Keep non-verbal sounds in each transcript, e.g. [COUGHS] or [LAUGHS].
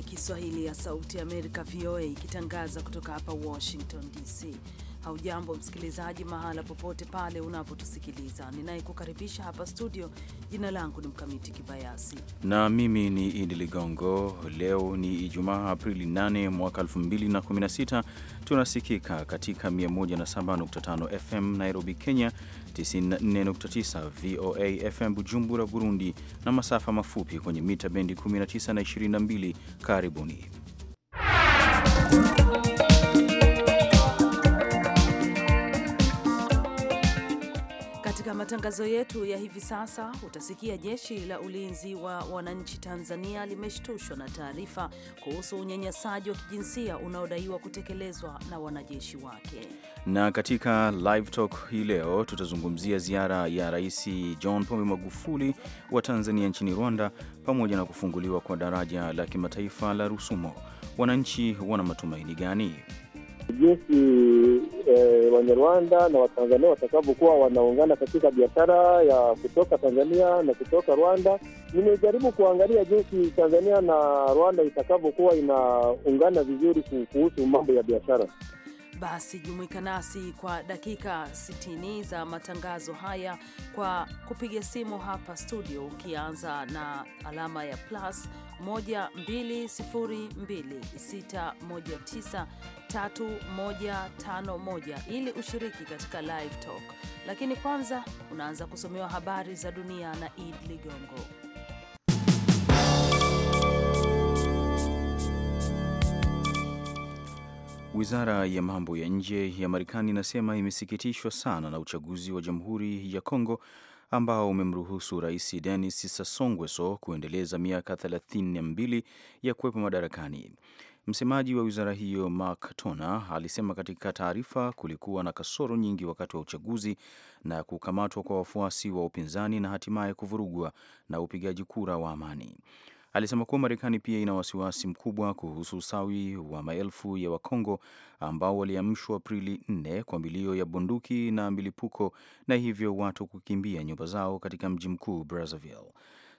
ya Kiswahili ya Sauti ya Amerika, VOA, ikitangaza kutoka hapa Washington DC. Haujambo msikilizaji, mahala popote pale unapotusikiliza. Ninayekukaribisha hapa studio, jina langu ni Mkamiti Kibayasi na mimi ni Idi Ligongo. Leo ni Ijumaa, Aprili 8 mwaka 2016. Tunasikika katika 107.5 FM Nairobi, Kenya 94.9 VOA FM Bujumbura, Burundi na masafa mafupi kwenye mita bendi 19 na 22. Karibuni Katika matangazo yetu ya hivi sasa utasikia jeshi la ulinzi wa wananchi Tanzania limeshtushwa na taarifa kuhusu unyanyasaji wa kijinsia unaodaiwa kutekelezwa na wanajeshi wake. Na katika live talk hii leo tutazungumzia ziara ya Rais John Pombe Magufuli wa Tanzania nchini Rwanda pamoja na kufunguliwa kwa daraja la kimataifa la Rusumo. Wananchi wana matumaini gani? jinsi e, eh, Wanyarwanda na Watanzania watakavyokuwa wanaungana katika biashara ya kutoka Tanzania na kutoka Rwanda. Nimejaribu kuangalia jinsi Tanzania na Rwanda itakavyokuwa inaungana vizuri kuhusu mambo ya biashara. Basi jumuika nasi kwa dakika 60 za matangazo haya kwa kupiga simu hapa studio, ukianza na alama ya plus 12026193151 ili ushiriki katika live talk. Lakini kwanza unaanza kusomewa habari za dunia na Id Ligongo. Wizara ya mambo ya nje ya Marekani inasema imesikitishwa sana na uchaguzi wa Jamhuri ya Kongo ambao umemruhusu Rais Denis Sassou Nguesso kuendeleza miaka 32 ya kuwepo madarakani. Msemaji wa wizara hiyo Mark Tona alisema katika taarifa kulikuwa na kasoro nyingi wakati wa uchaguzi na kukamatwa kwa wafuasi wa upinzani na hatimaye kuvurugwa na upigaji kura wa amani. Alisema kuwa Marekani pia ina wasiwasi mkubwa kuhusu usawi wa maelfu ya Wakongo ambao waliamshwa Aprili 4 kwa milio ya bunduki na milipuko na hivyo watu kukimbia nyumba zao katika mji mkuu Brazzaville.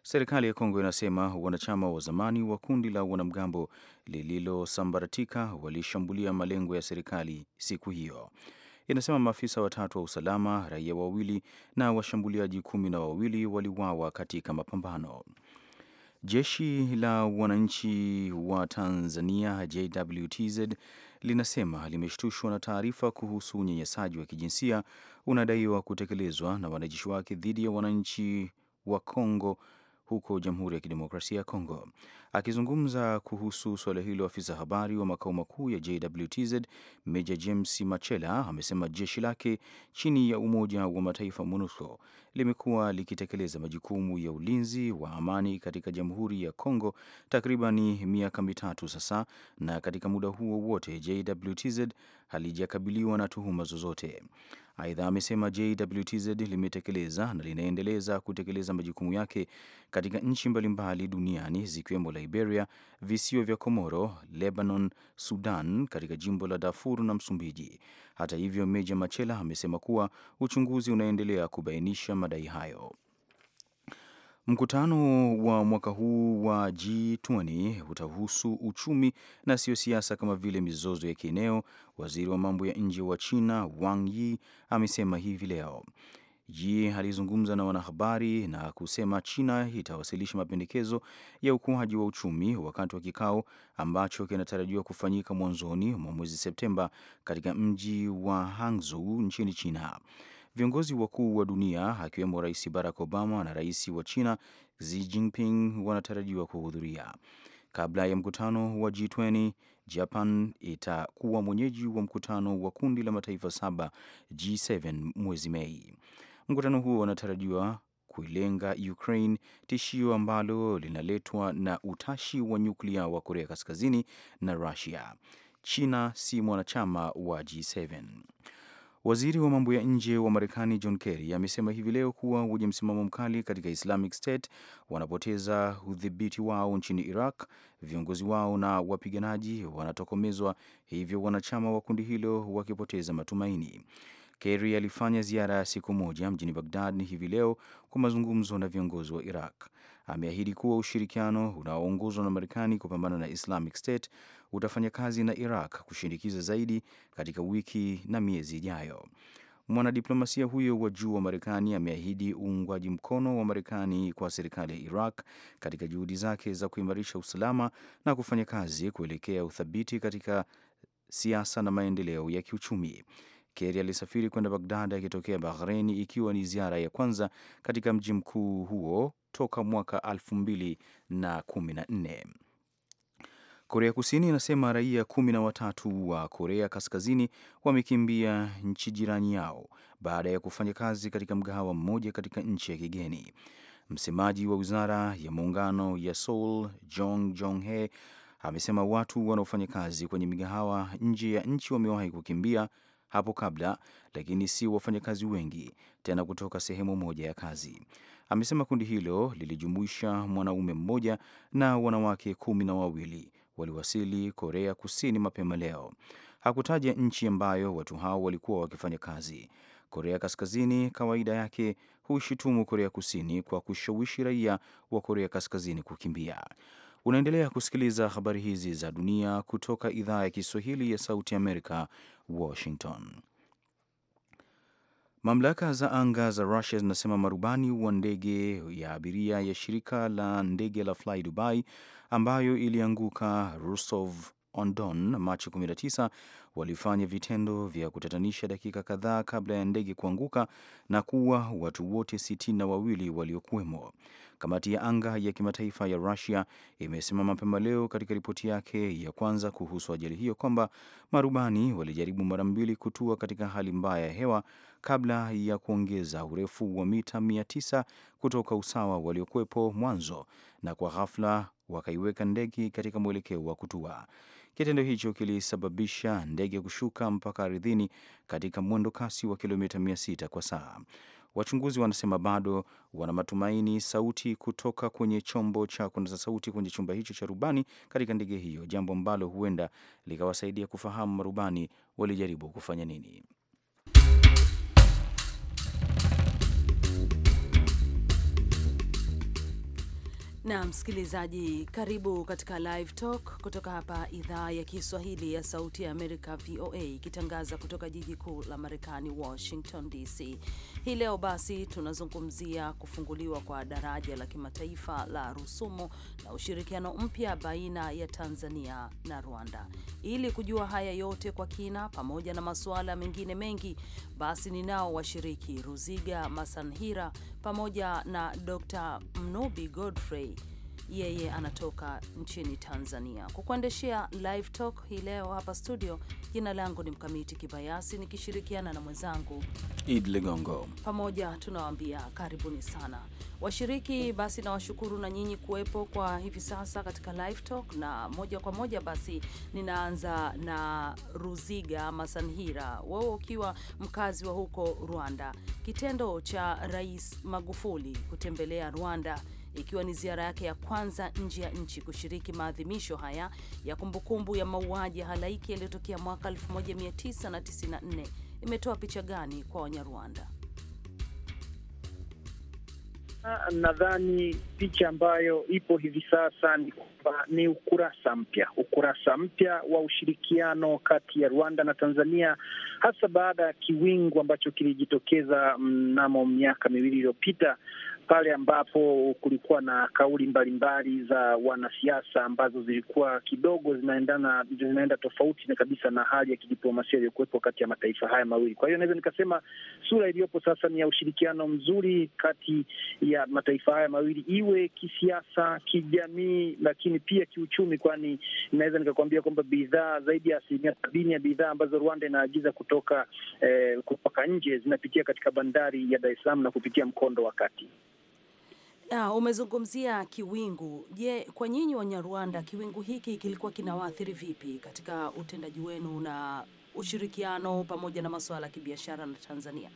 Serikali ya Kongo inasema wanachama wa zamani wa kundi la wanamgambo lililosambaratika walishambulia malengo ya serikali siku hiyo. Inasema maafisa watatu wa usalama, raia wawili na washambuliaji kumi na wawili waliwawa katika mapambano. Jeshi la wananchi wa Tanzania JWTZ linasema limeshtushwa na taarifa kuhusu unyanyasaji wa kijinsia unadaiwa kutekelezwa na wanajeshi wake dhidi ya wananchi wa Kongo huko Jamhuri ya Kidemokrasia ya Kongo. Akizungumza kuhusu suala hilo, afisa habari wa makao makuu ya JWTZ Meja James Machela amesema jeshi lake chini ya Umoja wa Mataifa MONUSCO limekuwa likitekeleza majukumu ya ulinzi wa amani katika Jamhuri ya Kongo takribani miaka mitatu sasa, na katika muda huo wote JWTZ halijakabiliwa na tuhuma zozote. Aidha amesema JWTZ limetekeleza na linaendeleza kutekeleza majukumu yake katika nchi mbalimbali duniani zikiwemo Liberia, visiwa vya Komoro, Lebanon, Sudan, katika jimbo la Darfur na Msumbiji. Hata hivyo, Meja Machela amesema kuwa uchunguzi unaendelea kubainisha madai hayo. Mkutano wa mwaka huu wa G20 utahusu uchumi na sio siasa kama vile mizozo ya kieneo. Waziri wa mambo ya nje wa China Wang Yi amesema hivi leo. Yi alizungumza na wanahabari na kusema China itawasilisha mapendekezo ya ukuaji wa uchumi wakati wa kikao ambacho kinatarajiwa kufanyika mwanzoni mwa mwezi Septemba katika mji wa Hangzhou nchini China. Viongozi wakuu wa dunia akiwemo Rais Barack Obama na Rais wa China Xi Jinping wanatarajiwa kuhudhuria. Kabla ya mkutano wa G20, Japan itakuwa mwenyeji wa mkutano wa kundi la mataifa saba G7 mwezi Mei. Mkutano huo unatarajiwa kuilenga Ukraine, tishio ambalo linaletwa na utashi wa nyuklia wa Korea Kaskazini na Russia. China si mwanachama wa G7. Waziri wa mambo ya nje wa Marekani John Kerry amesema hivi leo kuwa wenye msimamo mkali katika Islamic State wanapoteza udhibiti wao nchini Iraq, viongozi wao na wapiganaji wanatokomezwa, hivyo wanachama wa kundi hilo wakipoteza matumaini. Kerry alifanya ziara ya siku moja mjini Baghdad hivi leo kwa mazungumzo na viongozi wa Iraq ameahidi kuwa ushirikiano unaoongozwa na Marekani kupambana na Islamic State utafanya kazi na Iraq kushinikiza zaidi katika wiki na miezi ijayo. Mwanadiplomasia huyo wa juu wa Marekani ameahidi uungwaji mkono wa Marekani kwa serikali ya Iraq katika juhudi zake za kuimarisha usalama na kufanya kazi kuelekea uthabiti katika siasa na maendeleo ya kiuchumi. Kerry alisafiri kwenda Bagdad akitokea Bahrain, ikiwa ni ziara ya kwanza katika mji mkuu huo toka mwaka 2014. Korea Kusini inasema raia kumi na watatu wa Korea Kaskazini wamekimbia nchi jirani yao baada ya kufanya kazi katika mgahawa mmoja katika nchi ya kigeni. Msemaji wa wizara ya muungano ya Seoul, Jong Jong-he, amesema watu wanaofanya kazi kwenye migahawa nje ya nchi wamewahi kukimbia hapo kabla, lakini si wafanyakazi wengi tena kutoka sehemu moja ya kazi. Amesema kundi hilo lilijumuisha mwanaume mmoja na wanawake kumi na wawili waliwasili Korea Kusini mapema leo. Hakutaja nchi ambayo watu hao walikuwa wakifanya kazi. Korea Kaskazini kawaida yake huishutumu Korea Kusini kwa kushawishi raia wa Korea Kaskazini kukimbia. Unaendelea kusikiliza habari hizi za dunia kutoka idhaa ya Kiswahili ya Sauti Amerika, Washington. Mamlaka za anga za Rusia zinasema marubani wa ndege ya abiria ya shirika la ndege la Fly Dubai ambayo ilianguka Rostov on Don Machi 19 walifanya vitendo vya kutatanisha dakika kadhaa kabla ya ndege kuanguka na kuua watu wote sitini na wawili waliokuwemo. Kamati ya anga ya kimataifa ya Rusia imesema mapema leo katika ripoti yake ya kwanza kuhusu ajali hiyo kwamba marubani walijaribu mara mbili kutua katika hali mbaya ya hewa kabla ya kuongeza urefu wa mita 900 kutoka usawa waliokuwepo mwanzo, na kwa ghafla wakaiweka ndege katika mwelekeo wa kutua. Kitendo hicho kilisababisha ndege kushuka mpaka ardhini katika mwendo kasi wa kilomita 600 kwa saa. Wachunguzi wanasema bado wana matumaini sauti kutoka kwenye chombo cha kunasa sauti kwenye chumba hicho cha rubani katika ndege hiyo, jambo ambalo huenda likawasaidia kufahamu marubani walijaribu kufanya nini. Na msikilizaji, karibu katika Live Talk kutoka hapa idhaa ya Kiswahili ya Sauti ya Amerika, VOA, ikitangaza kutoka jiji kuu la Marekani, Washington DC. Hii leo basi tunazungumzia kufunguliwa kwa daraja la kimataifa la Rusumo na ushirikiano mpya baina ya Tanzania na Rwanda. Ili kujua haya yote kwa kina, pamoja na masuala mengine mengi, basi ninao washiriki Ruziga Masanhira pamoja na Dr Mnubi Godfrey yeye anatoka nchini Tanzania. Kukuendeshea live talk hii leo hapa studio, jina langu ni Mkamiti Kibayasi nikishirikiana na mwenzangu Id Ligongo. Pamoja tunawaambia karibuni sana washiriki. Basi nawashukuru na nyinyi kuwepo kwa hivi sasa katika live talk, na moja kwa moja basi ninaanza na Ruziga Masanhira, wewe ukiwa mkazi wa huko Rwanda, kitendo cha Rais Magufuli kutembelea Rwanda ikiwa ni ziara yake ya kwanza nje ya nchi kushiriki maadhimisho haya ya kumbukumbu ya mauaji ya halaiki yaliyotokea mwaka 1994 imetoa picha gani kwa Wanyarwanda? Ah, nadhani picha ambayo ipo hivi sasa ni kwamba ni ukurasa mpya, ukurasa mpya wa ushirikiano kati ya Rwanda na Tanzania, hasa baada ya kiwingu ambacho kilijitokeza mm, mnamo miaka miwili iliyopita pale ambapo kulikuwa na kauli mbalimbali za wanasiasa ambazo zilikuwa kidogo zinaendana zinaenda tofauti na kabisa na hali ya kidiplomasia iliyokuwepo kati ya mataifa haya mawili. Kwa hiyo naweza nikasema sura iliyopo sasa ni ya ushirikiano mzuri kati ya mataifa haya mawili, iwe kisiasa, kijamii, lakini pia kiuchumi, kwani naweza nikakwambia kwamba bidhaa zaidi ya asilimia sabini ya bidhaa ambazo Rwanda inaagiza kutoka eh, kutoka nje zinapitia katika bandari ya Dar es Salaam na kupitia mkondo wa kati. Uh, umezungumzia kiwingu. Je, kwa nyinyi Wanyarwanda kiwingu hiki kilikuwa kinawaathiri vipi katika utendaji wenu na ushirikiano pamoja na masuala ya kibiashara na Tanzania?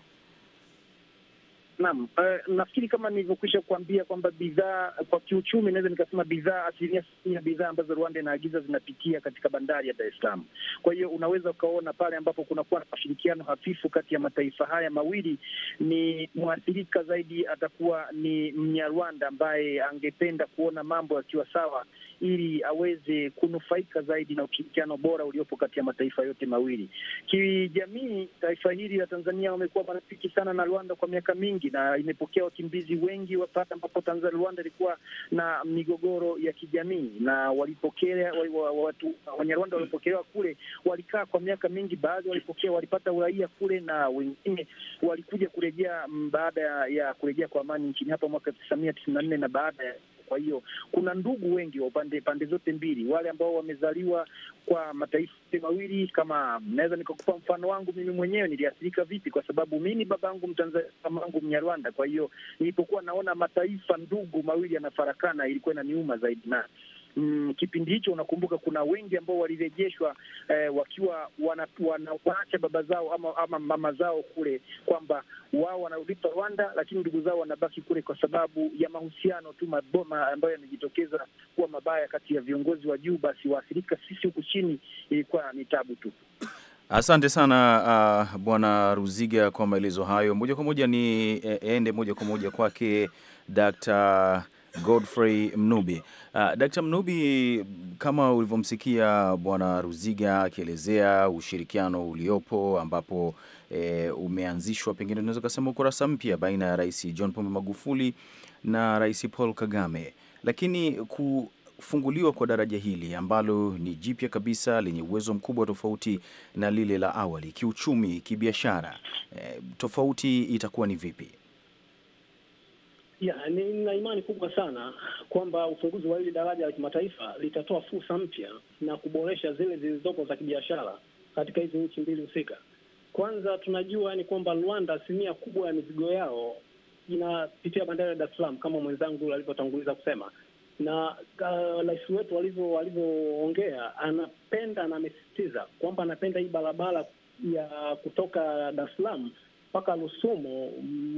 Naam, uh, nafikiri kama nilivyokwisha kuambia kwamba bidhaa kwa kiuchumi, naweza nikasema bidhaa asilimia sitini ya bidhaa ambazo Rwanda inaagiza zinapitia katika bandari ya Dar es Salaam. Kwa hiyo unaweza ukaona pale ambapo kunakuwa na mashirikiano hafifu kati ya mataifa haya mawili, ni mwathirika zaidi atakuwa ni Mnyarwanda ambaye angependa kuona mambo yakiwa sawa ili aweze kunufaika zaidi na ushirikiano bora uliopo kati ya mataifa yote mawili. Kijamii, taifa hili la Tanzania wamekuwa marafiki sana na Rwanda kwa miaka mingi na imepokea wakimbizi wengi wa pale ambapo Tanzania Rwanda ilikuwa na migogoro ya kijamii, na walipokea watu Wanyarwanda walipokelewa kule, walikaa kwa miaka mingi, baadhi walipokea walipata uraia kule na wengine walikuja kurejea mm, baada ya kurejea kwa amani nchini hapa mwaka elfu tisa mia tisini na nne na baada ya kwa hiyo kuna ndugu wengi wa upande pande zote mbili, wale ambao wamezaliwa kwa mataifa mawili. Kama naweza nikakupa mfano wangu mimi mwenyewe, niliathirika vipi? Kwa sababu mimi yangu Mtanzania, mamangu Mnyarwanda. Kwa hiyo nilipokuwa naona mataifa ndugu mawili yanafarakana, ilikuwa inaniuma zaidi na mm, kipindi hicho unakumbuka kuna wengi ambao walirejeshwa eh, wakiwa wanawaacha baba zao ama, ama mama zao kule, kwamba wao wanarudishwa Rwanda, lakini ndugu zao wanabaki kule kwa sababu ya mahusiano tu maboma ambayo yamejitokeza kuwa mabaya kati ya viongozi wa juu, basi waathirika sisi huku chini ilikuwa ni tabu tu. Asante sana uh, Bwana Ruziga kwa maelezo hayo. Moja kwa moja ni eh, ende moja kwa moja kwake Dr. Godfrey Mnubi. Uh, Dkt. Mnubi, kama ulivyomsikia Bwana Ruziga akielezea ushirikiano uliopo ambapo e, umeanzishwa, pengine tunaweza kusema ukurasa mpya baina ya Rais John Pombe Magufuli na Rais Paul Kagame, lakini ku funguliwa kwa daraja hili ambalo ni jipya kabisa lenye uwezo mkubwa tofauti na lile la awali kiuchumi, kibiashara, e, tofauti itakuwa ni vipi? ya, nina imani kubwa sana kwamba ufunguzi wa hili daraja la kimataifa litatoa fursa mpya na kuboresha zile zilizopo za kibiashara katika hizi nchi mbili husika. Kwanza tunajua ni kwamba Rwanda asilimia kubwa ya mizigo yao inapitia bandari ya Dar es Salaam kama mwenzangu alivyotanguliza kusema, na rais uh, wetu walivyoongea, anapenda na amesisitiza kwamba anapenda hii barabara ya kutoka Dar es Salaam mpaka Rusumo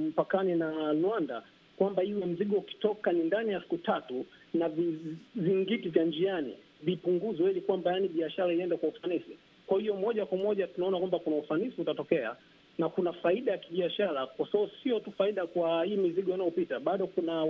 mpakani na Rwanda kwamba iwe mzigo ukitoka ni ndani ya siku tatu na vizingiti vya njiani vipunguzwe, ili kwamba yani biashara iende kwa ufanisi. Kwa hiyo moja kwa moja tunaona kwamba kuna ufanisi utatokea na kuna faida ya kibiashara, kwa sababu sio tu faida kwa hii mizigo inayopita, bado kuna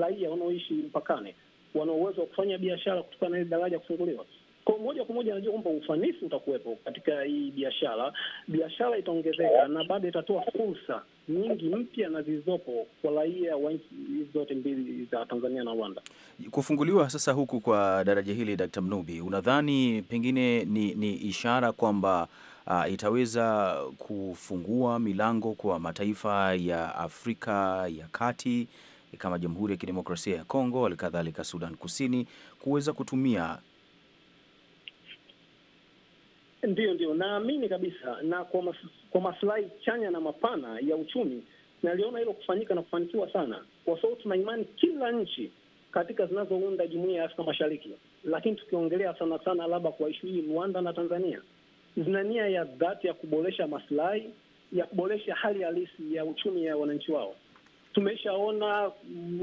raia wanaoishi mpakani wana uwezo wa kufanya biashara kutokana na hili daraja kufunguliwa. Kwa moja kwa moja anajua kwamba ufanisi utakuwepo katika hii biashara, biashara itaongezeka na bado itatoa fursa nyingi mpya na zilizopo kwa raia wa nchi hizi zote mbili za Tanzania na Rwanda. Kufunguliwa sasa huku kwa daraja hili, Dkt. Mnubi, unadhani pengine ni, ni ishara kwamba uh, itaweza kufungua milango kwa mataifa ya Afrika ya Kati kama Jamhuri ya Kidemokrasia ya Kongo, halikadhalika Sudan Kusini kuweza kutumia Ndiyo, ndio naamini kabisa, na kwa, mas, kwa maslahi chanya na mapana ya uchumi naliona hilo kufanyika na kufanikiwa sana, kwa sababu tuna imani kila nchi katika zinazounda jumuiya ya Afrika Mashariki, lakini tukiongelea sana sana labda kwa ishu hii, Rwanda na Tanzania zina nia ya dhati ya kuboresha maslahi ya kuboresha hali halisi ya uchumi ya wananchi wao. Tumeshaona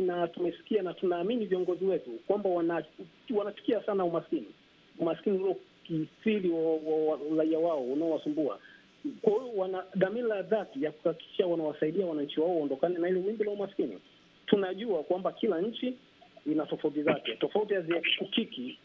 na tumesikia na tunaamini viongozi wetu kwamba wanachukia sana umaskini, umaskini kimsiri wa uraia wao unaowasumbua. Kwa hiyo wana dhamira dhati ya kuhakikisha wanawasaidia wananchi wao waondokane na ile wimbi la umaskini. Tunajua kwamba kila nchi ina tofauti zake, tofauti haziepukiki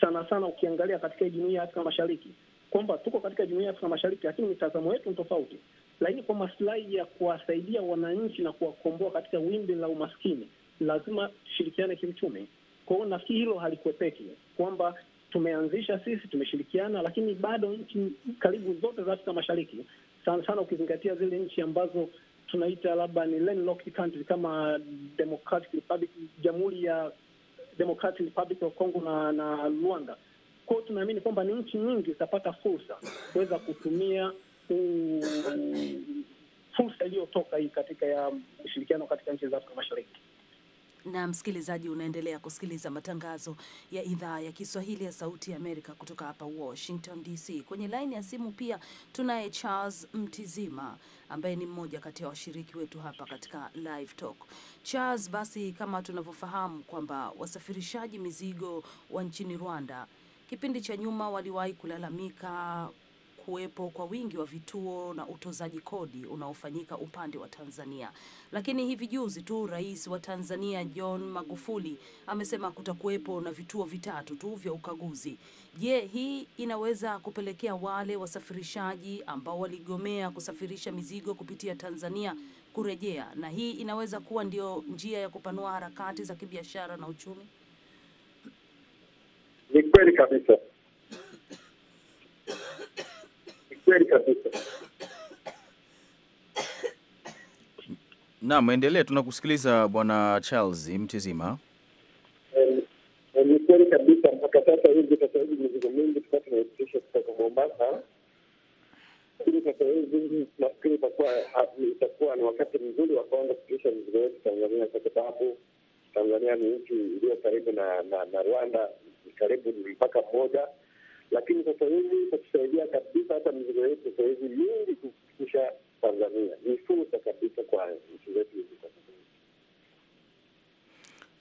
sana sana, ukiangalia katika jumuiya ya Afrika Mashariki kwamba tuko katika jumuiya ya Afrika Mashariki, lakini mitazamo yetu ni tofauti. Lakini kwa maslahi ya kuwasaidia wananchi na kuwakomboa katika wimbi la umaskini, lazima tushirikiane kiuchumi. Kwa hiyo nafikiri hilo halikwepeki kwamba tumeanzisha sisi, tumeshirikiana, lakini bado nchi karibu zote za Afrika Mashariki sana sana, ukizingatia zile nchi ambazo tunaita labda ni landlocked country kama Democratic Republic, Jamhuri ya Democratic Republic of Congo na, na Rwanda. Kwao tunaamini kwamba ni nchi nyingi zitapata fursa kuweza kutumia fursa iliyotoka hii katika ya ushirikiano katika nchi za Afrika Mashariki. Na msikilizaji, unaendelea kusikiliza matangazo ya idhaa ya Kiswahili ya Sauti ya Amerika kutoka hapa Washington DC. Kwenye laini ya simu pia tunaye Charles Mtizima ambaye ni mmoja kati ya washiriki wetu hapa katika Live Talk. Charles, basi kama tunavyofahamu kwamba wasafirishaji mizigo wa nchini Rwanda kipindi cha nyuma waliwahi kulalamika kuwepo kwa wingi wa vituo na utozaji kodi unaofanyika upande wa Tanzania. Lakini hivi juzi tu Rais wa Tanzania John Magufuli amesema kutakuwepo na vituo vitatu tu vya ukaguzi. Je, hii inaweza kupelekea wale wasafirishaji ambao waligomea kusafirisha mizigo kupitia Tanzania kurejea, na hii inaweza kuwa ndio njia ya kupanua harakati za kibiashara na uchumi? Ni kweli kabisa. kweli kabisa. Naam, endelee, tunakusikiliza Bwana Charles Mtizima. Eh, eh, ni kweli kabisa, mpaka sasa hivi, sasa hivi mizigo mingi tulikuwa tunaitisha kutoka Mombasa, lakini sasa hivi nafikiri itakuwa ni wakati mzuri wa kuanza kupitisha mizigo yetu Tanzania, kwa sababu Tanzania ni nchi iliyo karibu na Rwanda, karibu ni mpaka mmoja lakini sasa hivi itatusaidia kabisa, hata mizigo yetu sasa hivi mingi kufikisha Tanzania ni fursa kabisa kwa nchi zetu hizi.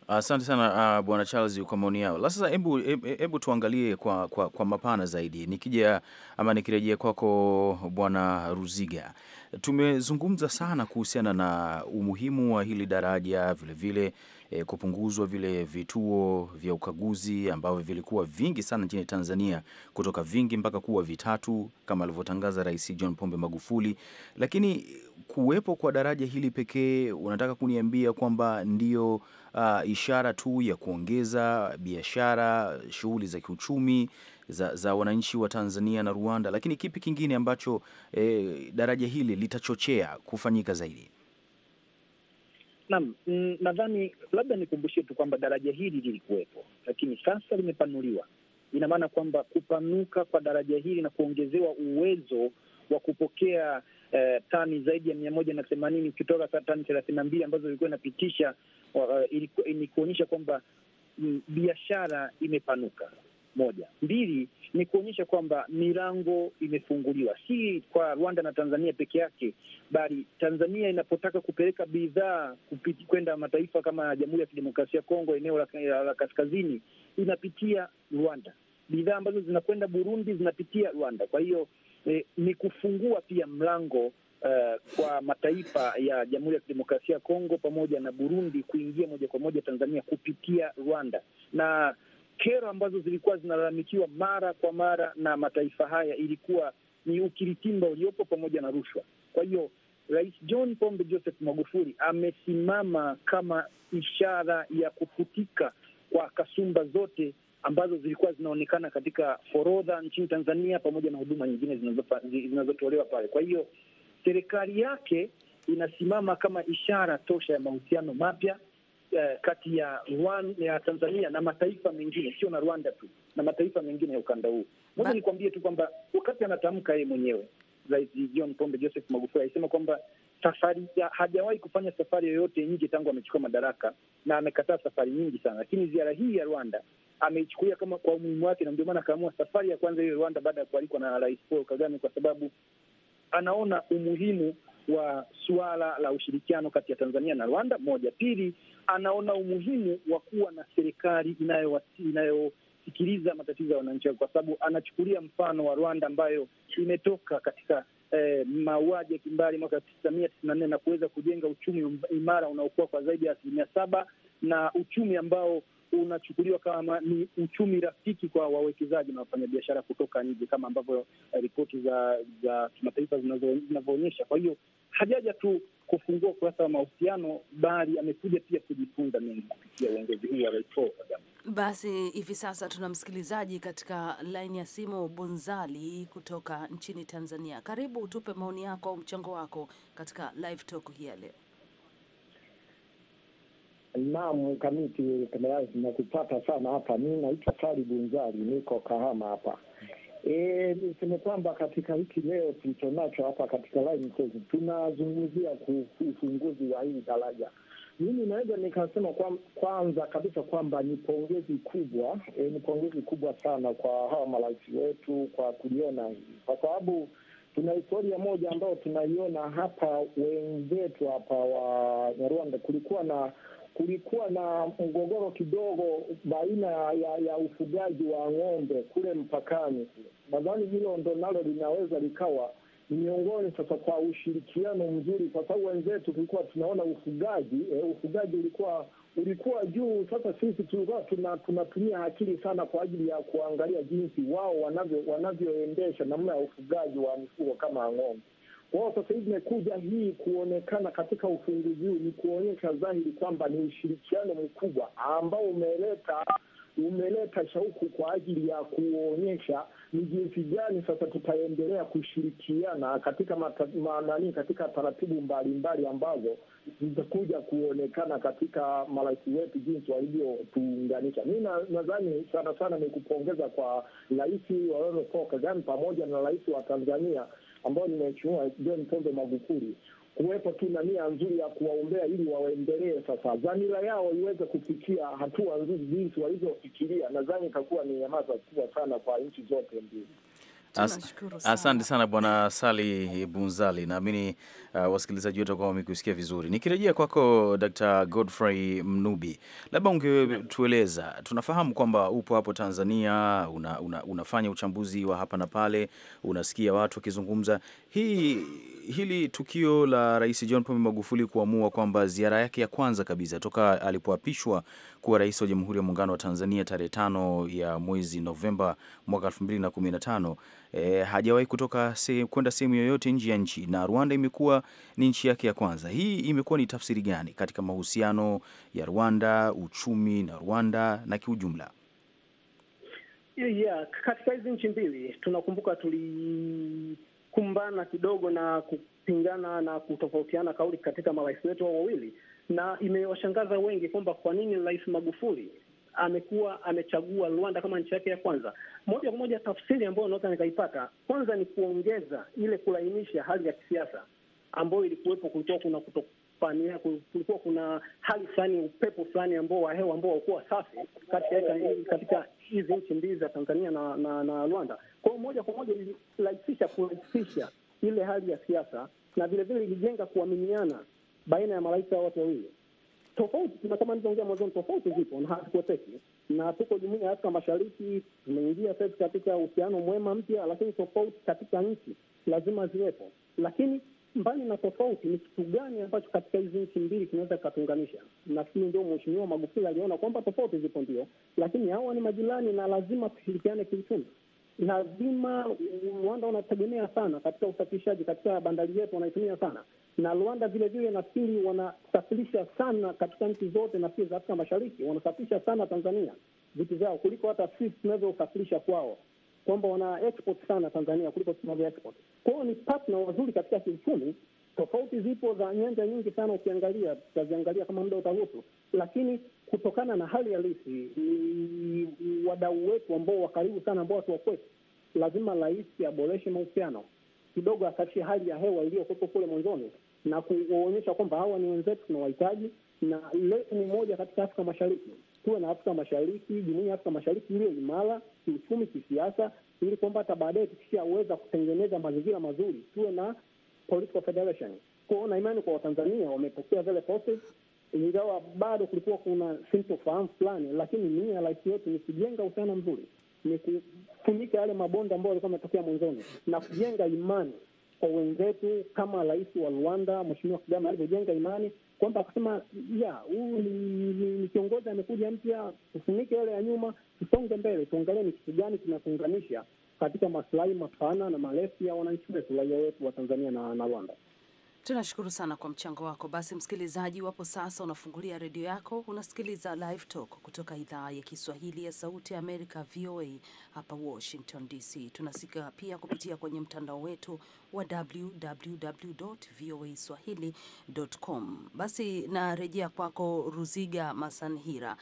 Asante uh, sana uh, Bwana Charles kwa maoni yao. La sasa, hebu hebu tuangalie kwa, kwa, kwa mapana zaidi, nikija ama nikirejea kwako Bwana Ruziga, tumezungumza sana kuhusiana na umuhimu wa hili daraja vilevile e, kupunguzwa vile vituo vya ukaguzi ambavyo vilikuwa vingi sana nchini Tanzania kutoka vingi mpaka kuwa vitatu kama alivyotangaza Rais John Pombe Magufuli. Lakini kuwepo kwa daraja hili pekee, unataka kuniambia kwamba ndio uh, ishara tu ya kuongeza biashara, shughuli za kiuchumi za, za wananchi wa Tanzania na Rwanda? Lakini kipi kingine ambacho eh, daraja hili litachochea kufanyika zaidi? Naam, mm, nadhani labda nikumbushie tu kwamba daraja hili lilikuwepo, lakini sasa limepanuliwa. Ina maana kwamba kupanuka kwa daraja hili na kuongezewa uwezo wa kupokea eh, tani zaidi ya mia moja na themanini ukitoka tani thelathini na mbili ambazo ilikuwa inapitisha uh, eh, ni kuonyesha kwamba mm, biashara imepanuka moja. Mbili ni kuonyesha kwamba milango imefunguliwa, si kwa Rwanda na Tanzania peke yake, bali Tanzania inapotaka kupeleka bidhaa kwenda mataifa kama Jamhuri ya Kidemokrasia ya Kongo, eneo la, la, la kaskazini, inapitia Rwanda. Bidhaa ambazo zinakwenda Burundi zinapitia Rwanda. Kwa hiyo eh, ni kufungua pia mlango Uh, kwa mataifa ya Jamhuri ya Kidemokrasia ya Kongo pamoja na Burundi kuingia moja kwa moja Tanzania kupitia Rwanda. Na kero ambazo zilikuwa zinalalamikiwa mara kwa mara na mataifa haya ilikuwa ni ukiritimba uliopo pamoja na rushwa. Kwa hiyo Rais John Pombe Joseph Magufuli amesimama kama ishara ya kufutika kwa kasumba zote ambazo zilikuwa zinaonekana katika forodha nchini Tanzania pamoja na huduma nyingine zinazotolewa pale. Kwa hiyo serikali yake inasimama kama ishara tosha ya mahusiano mapya Eh, kati ya Rwanda, ya Tanzania na mataifa mengine, sio na Rwanda tu, na mataifa mengine ya ukanda huu. Moja nikwambie tu kwamba wakati anatamka yeye mwenyewe Rais John Pombe Joseph Magufuli alisema kwamba safari hajawahi kufanya safari yoyote nje tangu amechukua madaraka, na amekataa safari nyingi sana, lakini ziara hii ya Rwanda ameichukulia kama kwa umuhimu wake, na ndio maana akaamua safari ya kwanza hiyo Rwanda baada ya kualikwa na Rais Paul Kagame, kwa sababu anaona umuhimu wa suala la ushirikiano kati ya Tanzania na Rwanda, moja. Pili, anaona umuhimu wa kuwa na serikali inayosikiliza matatizo ya wananchi wake, kwa sababu anachukulia mfano wa Rwanda ambayo imetoka katika eh, mauaji ya kimbali mwaka elfu tisa mia tisini na nne na kuweza kujenga uchumi imara unaokuwa kwa zaidi ya asilimia saba na uchumi ambao unachukuliwa kama ni uchumi rafiki kwa wawekezaji na wafanyabiashara kutoka nje, kama ambavyo eh, ripoti za za kimataifa zinavyoonyesha. Kwa hiyo hajaja tu kufungua ukurasa wa mahusiano, bali amekuja pia kujifunza mengi kupitia uongozi huu wa Rais Paul Kagame. Basi hivi sasa tuna msikilizaji katika laini ya simu, Bunzali kutoka nchini Tanzania. Karibu tupe maoni yako au mchango wako katika live talk hii ya leo. Naam, kamiti Kamerazi, nakupata sana hapa. Mi naitwa Sali Bunzari, niko Kahama hapa. Mm. E, niseme kwamba katika hiki leo tulichonacho hapa katika line tunazungumzia ufunguzi wa hili daraja. Mimi naweza nikasema kwa, kwanza kabisa kwamba ni pongezi kubwa e, ni pongezi kubwa sana kwa hawa marais wetu kwa kuliona hili, kwa sababu tuna historia moja ambayo tunaiona hapa wenzetu hapa wa Rwanda kulikuwa na kulikuwa na mgogoro kidogo baina ya, ya ufugaji wa ng'ombe kule mpakani. Nadhani hilo ndo nalo linaweza likawa ni miongoni sasa kwa ushirikiano mzuri, kwa sababu wenzetu tulikuwa tunaona ufugaji eh, ufugaji ulikuwa ulikuwa juu. Sasa sisi tulikuwa tuna, tunatumia akili sana kwa ajili ya kuangalia jinsi wao wanavyo wanavyoendesha namna ya ufugaji wa mifugo kama ng'ombe wao sasa hivi imekuja hii kuonekana katika ufunguzi huu, ni kuonyesha dhahiri kwamba ni ushirikiano mkubwa ambao umeleta umeleta shauku kwa ajili ya kuonyesha ni jinsi gani sasa tutaendelea kushirikiana katika nanii, katika taratibu mbalimbali ambazo zitakuja kuonekana katika marais wetu jinsi walivyotuunganisha. Mi nadhani sana sana ni kupongeza kwa rais wa Paul Kagame pamoja na rais wa Tanzania ambayo ni Mheshimiwa John Pombe Magufuli kuwepo tu na nia nzuri ya kuwaombea ili waendelee sasa, dhamira yao iweze kufikia hatua nzuri jinsi walivyofikiria. Nadhani itakuwa ni hamasa kubwa sana kwa nchi zote mbili. As, asante sana Bwana Sali Bunzali, naamini uh, wasikilizaji wetu kwa wamekusikia vizuri. Nikirejea kwako Dr. Godfrey Mnubi, labda ungetueleza, tunafahamu kwamba upo hapo Tanzania una, una, unafanya uchambuzi wa hapa na pale, unasikia watu wakizungumza hii hili tukio la Rais John Pombe Magufuli kuamua kwamba ziara yake ya kwanza kabisa toka alipoapishwa kuwa rais wa Jamhuri ya Muungano wa Tanzania tarehe tano ya mwezi Novemba mwaka na tano e, hajawahi kutoka se, kwenda sehemu yoyote nje ya nchi na Rwanda imekuwa ni nchi yake ya kwanza. Hii imekuwa ni tafsiri gani katika mahusiano ya Rwanda, uchumi na Rwanda na kiujumla? Yeah, katika hizi nchi mbili tunakumbuka tuli kukumbana kidogo na kupingana na kutofautiana kauli katika marais wetu hao wawili, na imewashangaza wengi kwamba kwa nini Rais Magufuli amekuwa amechagua Rwanda kama nchi yake ya kwanza. Moja kwa moja, tafsiri ambayo naweza nikaipata kwanza ni kuongeza ile kulainisha hali ya kisiasa ambayo ilikuwepo. Kulikuwa kuna kutopania, kulikuwa kuna hali fulani, upepo fulani ambao wa hewa ambao haukuwa safi katika hizi nchi mbili za Tanzania na, na, na Rwanda hiyo moja kwa moja ilirahisisha kurahisisha ile hali ya siasa na vilevile ilijenga kuaminiana baina ya marais hao wote wawili. Tofauti na kama nilivyoongea mwanzoni, tofauti zipo na hazikuepeki, na tuko jumuiya ya Afrika Mashariki, tumeingia sasa katika uhusiano mwema mpya, lakini tofauti katika nchi lazima ziwepo. Lakini mbali na tofauti, ni kitu gani ambacho katika hizi nchi mbili kinaweza kikatuunganisha? Nafikiri ndio Mheshimiwa Magufuli aliona kwamba tofauti zipo, ndio, lakini hawa ni majirani na lazima tushirikiane kiuchumi lazima Rwanda wanategemea sana katika usafirishaji, katika bandari yetu wanaitumia sana, na Rwanda vilevile nafikiri wanasafirisha sana katika nchi zote pia za Afrika Mashariki, wanasafirisha sana Tanzania vitu vyao kuliko hata sisi tunavyosafirisha kwao, kwamba wana export sana Tanzania kuliko tunavyo export. Kwa hiyo ni partner wazuri katika kiuchumi. Tofauti zipo za nyanja nyingi sana, ukiangalia tutaziangalia kama muda utaruhusu, lakini kutokana na hali halisi ni wadau wetu ambao wa karibu sana, ambao watu wakwetu, lazima rais aboreshe mahusiano kidogo, asafishe hali ya hewa iliyokuwepo kule mwanzoni na kuonyesha kwamba hawa ni wenzetu tunawahitaji, na letu ni moja katika Afrika Mashariki. Tuwe na Afrika Mashariki, jumuiya ya Afrika Mashariki iliyo imara kiuchumi, kisiasa, ili kwamba hata baadaye tukishaweza kutengeneza mazingira mazuri, tuwe na Political Federation. Kwao na imani kwa Watanzania wamepokea zile positive, ingawa bado kulikuwa kuna sintofahamu fulani, lakini nia ya rais wetu ni kujenga uhusiano mzuri, ni kufunika yale mabonde ambayo yalikuwa yametokea mwanzoni na kujenga imani kwa wenzetu, kama rais wa Rwanda Mheshimiwa Kagame alivyojenga imani kwamba akasema ya huyu ni kiongozi amekuja mpya, tufunike yale ya nyuma, tusonge mbele, tuangalie ni kitu gani kinatuunganisha katika masilahi mapana na marefu ya wananchi wetu, raia wetu wa Tanzania na na Rwanda. Tunashukuru sana kwa mchango wako. Basi msikilizaji wapo sasa, unafungulia redio yako, unasikiliza Live Talk kutoka idhaa ya Kiswahili ya Sauti ya Amerika, VOA hapa Washington DC. Tunasikika pia kupitia kwenye mtandao wetu wa www voa swahili com. Basi narejea kwako Ruziga Masanhira.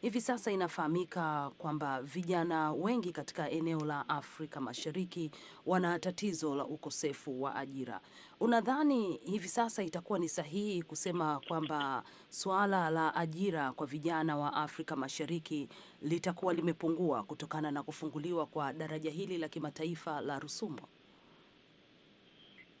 Hivi sasa inafahamika kwamba vijana wengi katika eneo la Afrika Mashariki wana tatizo la ukosefu wa ajira. Unadhani hivi sasa itakuwa ni sahihi kusema kwamba suala la ajira kwa vijana wa Afrika Mashariki litakuwa limepungua kutokana na kufunguliwa kwa daraja hili la kimataifa la Rusumo?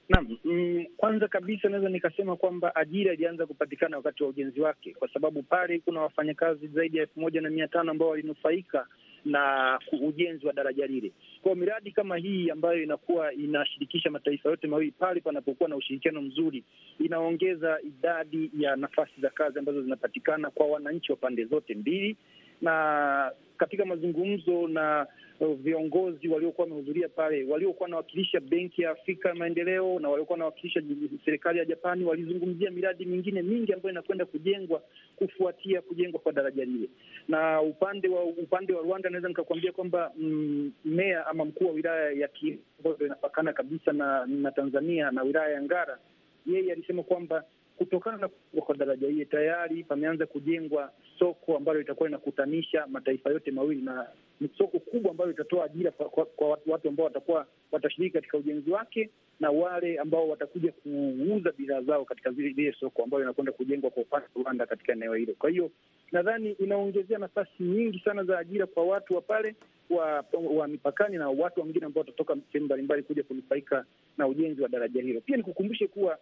Naam, mm, kwanza kabisa naweza nikasema kwamba ajira ilianza kupatikana wakati wa ujenzi wake, kwa sababu pale kuna wafanyakazi zaidi ya elfu moja na mia tano ambao walinufaika na ujenzi wa daraja lile. Kwa miradi kama hii ambayo inakuwa inashirikisha mataifa yote mawili, pale panapokuwa na ushirikiano mzuri, inaongeza idadi ya nafasi za kazi ambazo zinapatikana kwa wananchi wa pande zote mbili, na katika mazungumzo na uh, viongozi waliokuwa wamehudhuria pale, waliokuwa wanawakilisha Benki ya Afrika ya Maendeleo na waliokuwa wanawakilisha serikali ya Japani walizungumzia miradi mingine mingi ambayo inakwenda kujengwa kufuatia kujengwa kwa daraja lile. Na upande wa upande wa Rwanda, naweza nikakuambia kwamba mm, meya mm, ama mkuu wa wilaya ya Kivu ambayo inapakana kabisa na, na Tanzania na wilaya ya Ngara, yeye alisema kwamba kutokana na kukua kwa daraja hili tayari pameanza kujengwa soko ambalo litakuwa linakutanisha mataifa yote mawili, na ni soko kubwa ambalo litatoa ajira kwa, kwa, kwa watu ambao watakuwa watashiriki katika ujenzi wake na wale ambao watakuja kuuza bidhaa zao katika zile soko ambayo inakwenda kujengwa kwa upande wa Rwanda katika eneo hilo. Kwa hiyo nadhani inaongezea nafasi nyingi sana za ajira kwa watu wa pale wa, wa mipakani na watu wengine ambao watatoka sehemu mbalimbali kuja kunufaika na ujenzi wa daraja hilo. Pia nikukumbushe kuwa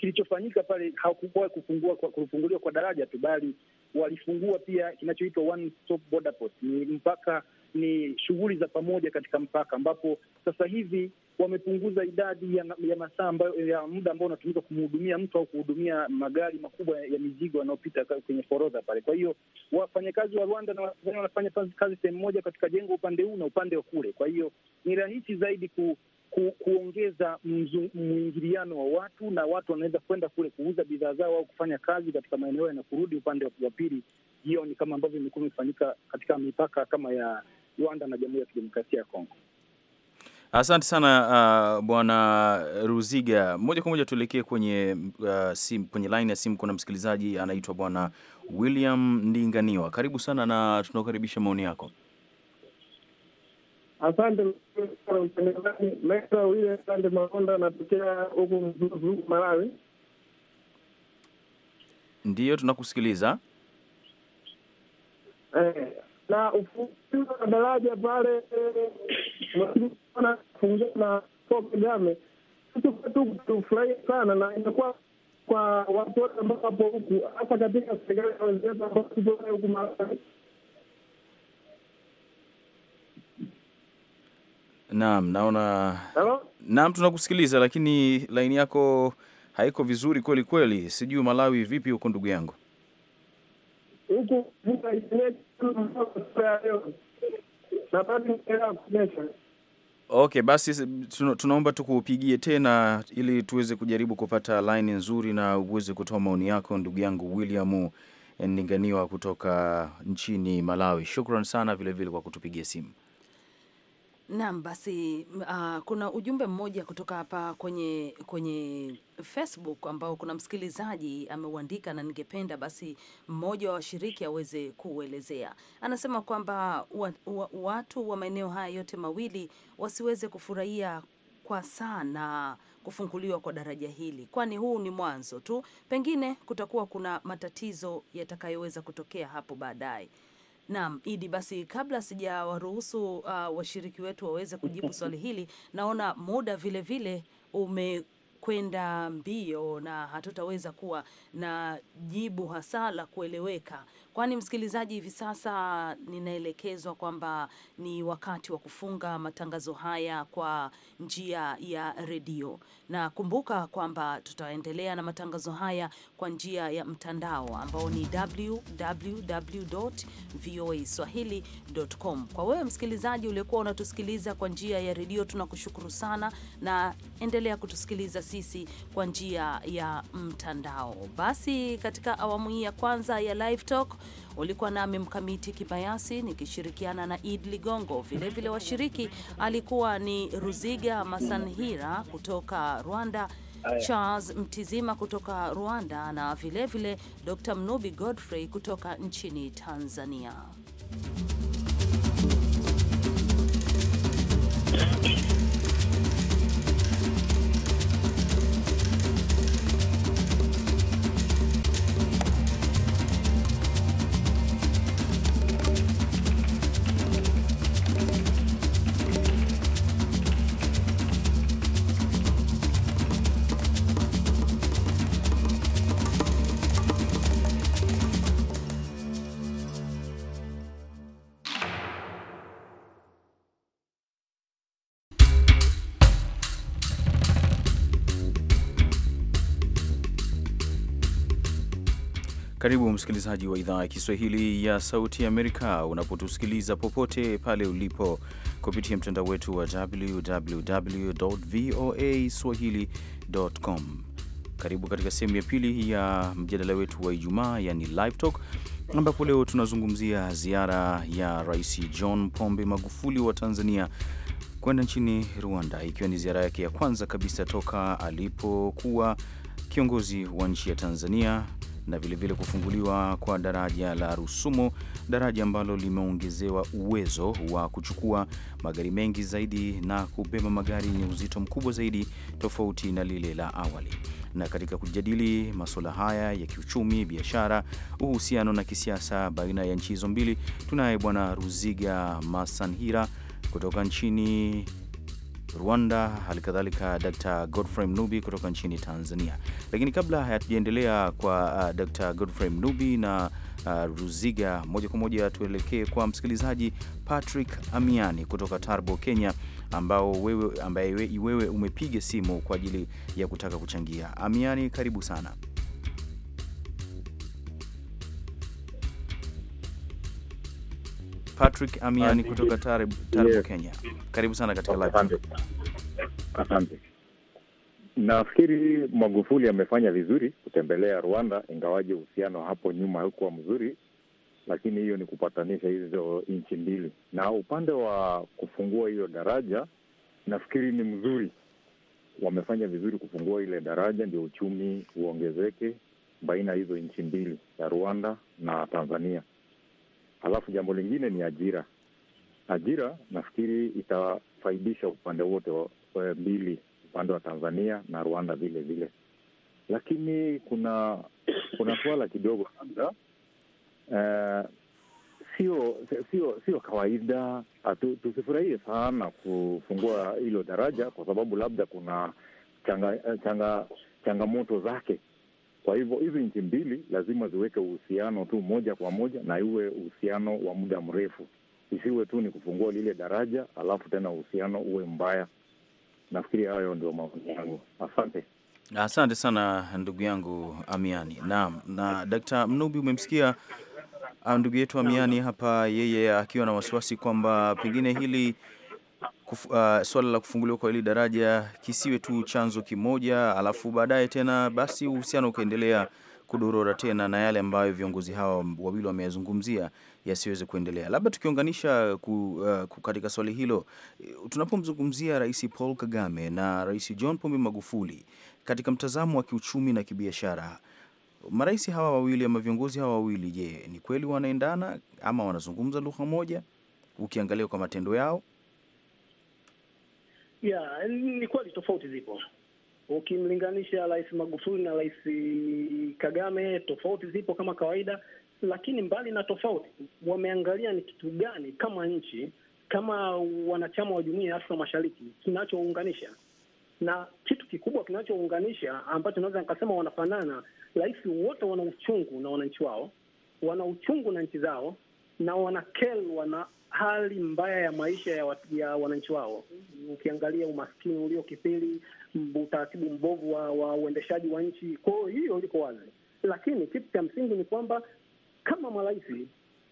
kilichofanyika pale hakukuwa kufungua kwa, kufunguliwa kwa daraja tu, bali walifungua pia kinachoitwa one stop border post, ni mpaka ni shughuli za pamoja katika mpaka, ambapo sasa hivi wamepunguza idadi ya, ya masaa ambayo ya muda ambao unatumika kumhudumia mtu au kuhudumia magari makubwa ya mizigo yanayopita kwenye forodha pale. Kwa hiyo wafanyakazi wa Rwanda na Watanzania wanafanya kazi sehemu moja katika jengo upande huu na upande wa kule, kwa hiyo ni rahisi zaidi ku ku, kuongeza mwingiliano wa watu na watu wanaweza kwenda kule kuuza bidhaa zao au kufanya kazi katika maeneo na kurudi upande wa pili jioni, kama ambavyo imekuwa imefanyika katika mipaka kama ya Rwanda na Jamhuri ya Kidemokrasia ya Kongo. Asante sana uh, bwana Ruziga. Moja kwa moja tuelekee kwenye uh, sim, kwenye line ya simu. Kuna msikilizaji anaitwa bwana William Ndinganiwa, karibu sana na tunakaribisha maoni yako. Asante mtangazaji. Mera wile sande Maonda, anatokea huku Mzuzu huku Malawi. Ndiyo, tunakusikiliza eh, na ufunguzi wa daraja pale fungia eh, na po Kagame tukufurahia sana, na imekuwa kwa watu wote ambao wapo huku, hasa katika serikali ya wenzetu ambao tupo huku Malawi Naam, naona Hello? Naam, tunakusikiliza lakini laini yako haiko vizuri kweli kweli. Sijui Malawi vipi huko ndugu yangu? Okay, basi tunaomba tukupigie tena ili tuweze kujaribu kupata laini nzuri na uweze kutoa maoni yako ndugu yangu William Ndinganiwa kutoka nchini Malawi. Shukran sana vilevile vile kwa kutupigia simu. Naam, basi uh, kuna ujumbe mmoja kutoka hapa kwenye kwenye Facebook ambao kuna msikilizaji ameuandika, na ningependa basi mmoja wa washiriki aweze kuuelezea. Anasema kwamba wa, wa, watu wa maeneo haya yote mawili wasiweze kufurahia kwa sana kufunguliwa kwa daraja hili, kwani huu ni mwanzo tu, pengine kutakuwa kuna matatizo yatakayoweza kutokea hapo baadaye. Naam, Idi, basi kabla sijawaruhusu uh, washiriki wetu waweze kujibu swali [LAUGHS] hili, naona muda vilevile ume kwenda mbio na hatutaweza kuwa na jibu hasa la kueleweka Kwani msikilizaji, hivi sasa ninaelekezwa kwamba ni wakati wa kufunga matangazo haya kwa njia ya redio, na kumbuka kwamba tutaendelea na matangazo haya kwa njia ya mtandao ambao ni www.voaswahili.com. Kwa wewe msikilizaji uliokuwa unatusikiliza kwa njia ya redio, tunakushukuru sana, na endelea kutusikiliza sisi kwa njia ya mtandao. Basi katika awamu hii ya kwanza ya Live Talk Ulikuwa nami Mkamiti Kibayasi nikishirikiana na Id Ligongo. Vilevile washiriki alikuwa ni Ruziga Masanhira kutoka Rwanda, Charles Mtizima kutoka Rwanda na vilevile Dr. Mnubi Godfrey kutoka nchini Tanzania. Karibu msikilizaji wa idhaa ya Kiswahili ya Sauti Amerika unapotusikiliza popote pale ulipo kupitia mtandao wetu wa www voa swahili.com. Karibu katika sehemu ya pili ya mjadala wetu wa Ijumaa, yani Live Talk, ambapo leo tunazungumzia ziara ya Rais John Pombe Magufuli wa Tanzania kwenda nchini Rwanda, ikiwa ni ziara yake ya kwanza kabisa toka alipokuwa kiongozi wa nchi ya Tanzania na vilevile vile kufunguliwa kwa daraja la Rusumo, daraja ambalo limeongezewa uwezo wa kuchukua magari mengi zaidi na kubeba magari yenye uzito mkubwa zaidi tofauti na lile la awali. Na katika kujadili masuala haya ya kiuchumi, biashara, uhusiano na kisiasa baina ya nchi hizo mbili, tunaye Bwana Ruziga Masanhira kutoka nchini Rwanda, hali kadhalika Dr. Godfrey Mnubi kutoka nchini Tanzania. Lakini kabla hatujaendelea kwa uh, Dr. Godfrey Mnubi na uh, Ruziga, moja kwa moja tuelekee kwa msikilizaji Patrick Amiani kutoka Tarbo, Kenya, ambao wewe, ambaye wewe umepiga simu kwa ajili ya kutaka kuchangia. Amiani, karibu sana. Patrick Amiani kutoka Tarib, Tarib Kenya. Karibu sana katika live. Asante. Nafikiri Magufuli amefanya vizuri kutembelea Rwanda, ingawaje uhusiano hapo nyuma haukuwa mzuri, lakini hiyo ni kupatanisha hizo nchi mbili, na upande wa kufungua hiyo daraja nafikiri ni mzuri. Wamefanya vizuri kufungua ile daraja, ndio uchumi uongezeke baina ya hizo nchi mbili ya Rwanda na Tanzania. Alafu jambo lingine ni ajira. Ajira nafikiri itafaidisha upande wote mbili, upande wa Tanzania na Rwanda vile vile, lakini kuna kuna suala kidogo labda uh, sio sio sio kawaida. Tusifurahie sana kufungua hilo daraja, kwa sababu labda kuna changa, changa, changamoto zake kwa hivyo hizi nchi mbili lazima ziweke uhusiano tu moja kwa moja, na iwe uhusiano wa muda mrefu, isiwe tu ni kufungua lile daraja alafu tena uhusiano uwe mbaya. Nafikiri hayo ndio maoni yangu, asante. Asante sana ndugu yangu Amiani. Naam, na Dakta Mnubi, umemsikia ah, ndugu yetu Amiani hapa, yeye akiwa na wasiwasi kwamba pengine hili kufu, uh, swala la kufunguliwa kwa hili daraja kisiwe tu chanzo kimoja, alafu baadaye tena basi uhusiano ukaendelea kudorora tena na yale ambayo viongozi hawa wawili wameyazungumzia yasiweze kuendelea. Labda tukiunganisha ku, uh, katika swali hilo eh, tunapomzungumzia Rais Paul Kagame na Rais John Pombe Magufuli katika mtazamo wa kiuchumi na kibiashara, marais hawa wawili ama viongozi hawa wawili, je, ni kweli wanaendana ama wanazungumza lugha moja ukiangalia kwa matendo yao? Yeah, ni kweli tofauti zipo. Ukimlinganisha Rais Magufuli na Rais Kagame, tofauti zipo kama kawaida, lakini mbali na tofauti, wameangalia ni kitu gani kama nchi, kama wanachama wa Jumuiya ya Afrika Mashariki kinachounganisha, na kitu kikubwa kinachounganisha ambacho naweza nikasema wanafanana, rais wote wana uchungu na wananchi wao, wana uchungu na nchi zao, na wanakelwa na hali mbaya ya maisha ya, ya wananchi wao. Ukiangalia umaskini uliokithiri, utaratibu mbovu wa, wa uendeshaji wa nchi, kwa hiyo liko wazi, lakini kitu cha msingi ni kwamba kama marais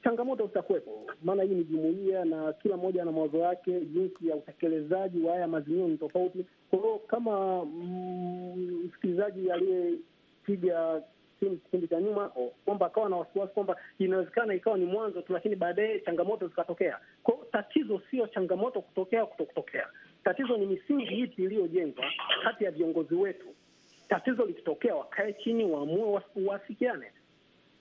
changamoto zitakuwepo, maana hii ni jumuia na kila mmoja ana mawazo yake. Jinsi ya utekelezaji wa haya maazimio ni tofauti. Kwa hiyo kama mm, msikilizaji mm, aliyepiga chini kipindi cha nyuma, kwamba akawa na wasiwasi kwamba inawezekana ikawa ni mwanzo tu, lakini baadaye changamoto zikatokea. Kwa hiyo tatizo sio changamoto kutokea kuto kutokea, tatizo ni misingi ipi iliyojengwa kati ya viongozi wetu. Tatizo likitokea wakae chini, waamue, wasikiane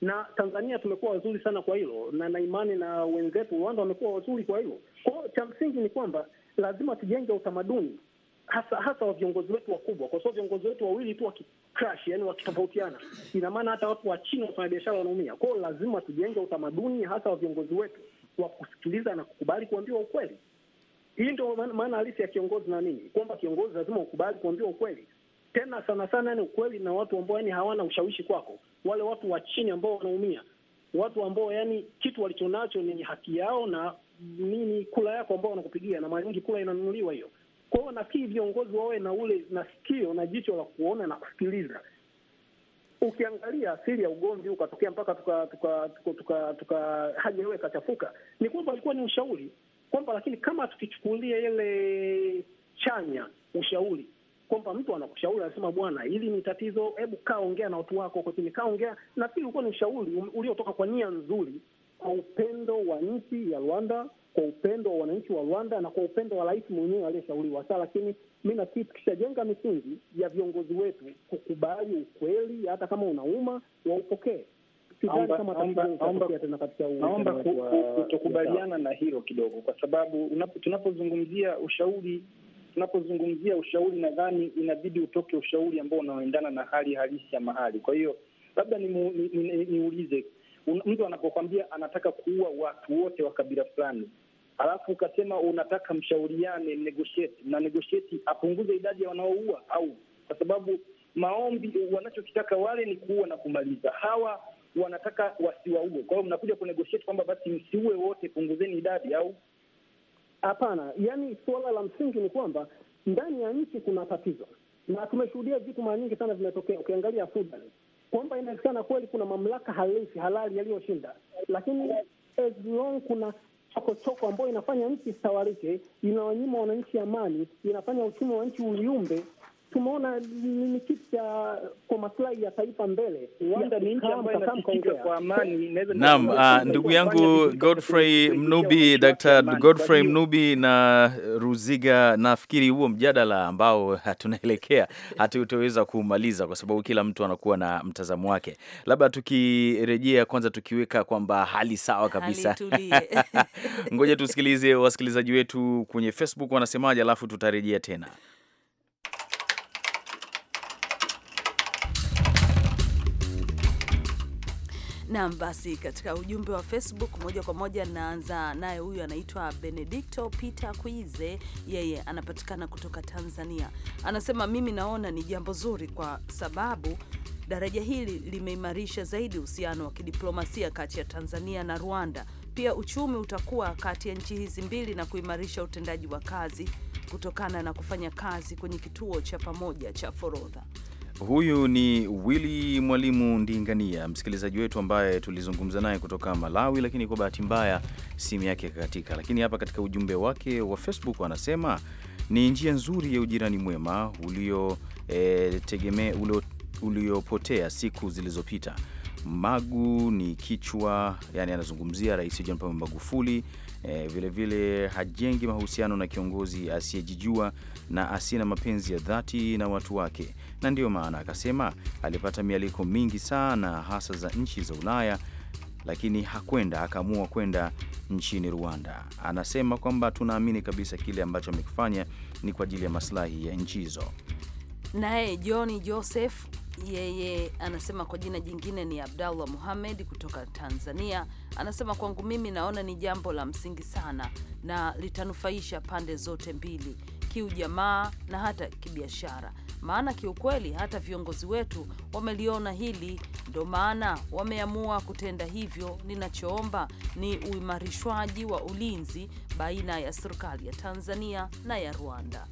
na Tanzania tumekuwa wazuri sana kwa hilo, na na imani na wenzetu Rwanda wamekuwa wazuri kwa hilo. Kwa hiyo cha msingi ni kwamba lazima tujenge utamaduni hasa hasa wa viongozi wetu wakubwa, kwa sababu viongozi wetu wawili tu crash, yani wakitofautiana, ina maana hata watu wa chini biashara wanaumia. Kwa hiyo lazima tujenge utamaduni hasa wa viongozi wetu wa kusikiliza na kukubali kuambiwa ukweli. Hii ndio maana halisi ya kiongozi na nini, kwamba kiongozi lazima ukubali kuambiwa ukweli, tena sana sana, yani ukweli na watu ambao yani hawana ushawishi kwako, wale watu wa chini ambao wanaumia, watu ambao yani kitu walichonacho ni haki yao na nini, kula yako ambao wanakupigia, na mara nyingi kula inanunuliwa hiyo kwa hiyo nafikiri viongozi wawe na ule na sikio na jicho la kuona na kusikiliza. Ukiangalia asili ya ugomvi ukatokea mpaka tuka tuka tuka tuka hadi wewe kachafuka, ni kwamba alikuwa ni ushauri kwamba, lakini kama tukichukulia ile chanya ushauri kwamba mtu anakushauri anasema, bwana, hili ni tatizo, hebu kaa ongea na watu wako, kaa ongea. Nafikiri ulikuwa ni ushauri uliotoka kwa nia nzuri, kwa upendo wa nchi ya Rwanda kwa upendo wa wananchi wa Rwanda na kwa upendo wa rais mwenyewe aliyeshauriwa saa. Lakini mi nafikiri tukishajenga misingi ya viongozi wetu kukubali ukweli, hata kama unauma, waupokee. Naomba kutokubaliana na hilo kidogo, kwa sababu tunapozungumzia ushauri tunapozungumzia ushauri, nadhani inabidi utoke ushauri ambao unaoendana na hali halisi ya mahali. Kwa hiyo labda niulize, mtu anapokwambia anataka kuua watu wote wa kabila fulani, alafu ukasema unataka mshauriane, negotiate na negotiate, apunguze idadi ya wanaoua au, kwa sababu maombi wanachokitaka wale ni kuua na kumaliza, hawa wanataka wasiwaue. Kwa hiyo mnakuja kunegotiate kwamba basi msiue wote, punguzeni idadi au hapana. Yani suala la msingi ni kwamba ndani ya nchi kuna tatizo, na tumeshuhudia vitu mara nyingi sana vimetokea. Ukiangalia Sudan kwamba inawezekana kweli kuna mamlaka halisi halali yaliyoshinda, lakini as long kuna chokochoko ambayo inafanya nchi istawarike, inawanyima wananchi amani, inafanya uchumi wa nchi uliumbe tumeona ni kitu cha kwa maslahi ya taifa mbele. Rwanda ni yaani nchi ambayo inasikika kwa amani. Naam, ah, ndugu yangu Godfrey Mnubi, Dr. Godfrey Mnubi na Ruziga, nafikiri huo mjadala ambao [LAUGHS] tunaelekea hatutaweza kumaliza kwa sababu kila mtu anakuwa na mtazamo wake. Labda tukirejea kwanza, tukiweka kwamba hali sawa kabisa, [LAUGHS] ngoja tusikilize wasikilizaji wetu kwenye Facebook wanasemaje, alafu tutarejea tena. Naam, basi katika ujumbe wa Facebook moja kwa moja naanza naye, huyu anaitwa Benedicto Peter Kuize, yeye anapatikana kutoka Tanzania. Anasema mimi naona ni jambo zuri kwa sababu daraja hili limeimarisha zaidi uhusiano wa kidiplomasia kati ya Tanzania na Rwanda. Pia uchumi utakuwa kati ya nchi hizi mbili na kuimarisha utendaji wa kazi kutokana na kufanya kazi kwenye kituo cha pamoja cha forodha. Huyu ni willi Mwalimu Ndingania, msikilizaji wetu ambaye tulizungumza naye kutoka Malawi, lakini kwa bahati mbaya simu yake ikakatika. Lakini hapa katika ujumbe wake wa Facebook anasema ni njia nzuri ya ujirani mwema uliotegemea e, eh, tegemea uliopotea siku zilizopita. Magu ni kichwa, yani anazungumzia Rais John Pombe Magufuli vilevile eh, vile hajengi mahusiano na kiongozi asiyejijua na asina mapenzi ya dhati na watu wake, na ndiyo maana akasema alipata mialiko mingi sana hasa za nchi za Ulaya, lakini hakwenda, akaamua kwenda nchini Rwanda. Anasema kwamba tunaamini kabisa kile ambacho amekifanya ni kwa ajili ya maslahi ya nchi hizo. Naye John Joseph yeye anasema kwa jina jingine ni Abdallah Muhamed kutoka Tanzania. Anasema kwangu mimi naona ni jambo la msingi sana na litanufaisha pande zote mbili, kiujamaa na hata kibiashara. Maana kiukweli hata viongozi wetu wameliona hili, ndo maana wameamua kutenda hivyo. Ninachoomba ni uimarishwaji wa ulinzi baina ya serikali ya Tanzania na ya Rwanda.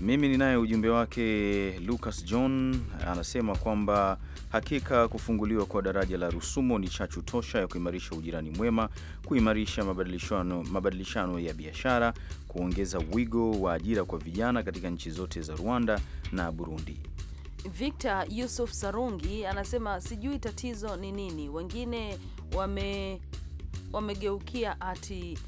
Mimi ninaye ujumbe wake Lucas John anasema kwamba hakika kufunguliwa kwa daraja la Rusumo ni chachu tosha ya kuimarisha ujirani mwema, kuimarisha mabadilishano, mabadilishano ya biashara, kuongeza wigo wa ajira kwa vijana katika nchi zote za Rwanda na Burundi. Victor Yusuf Sarungi anasema sijui tatizo ni nini, wengine wame wamegeukia ati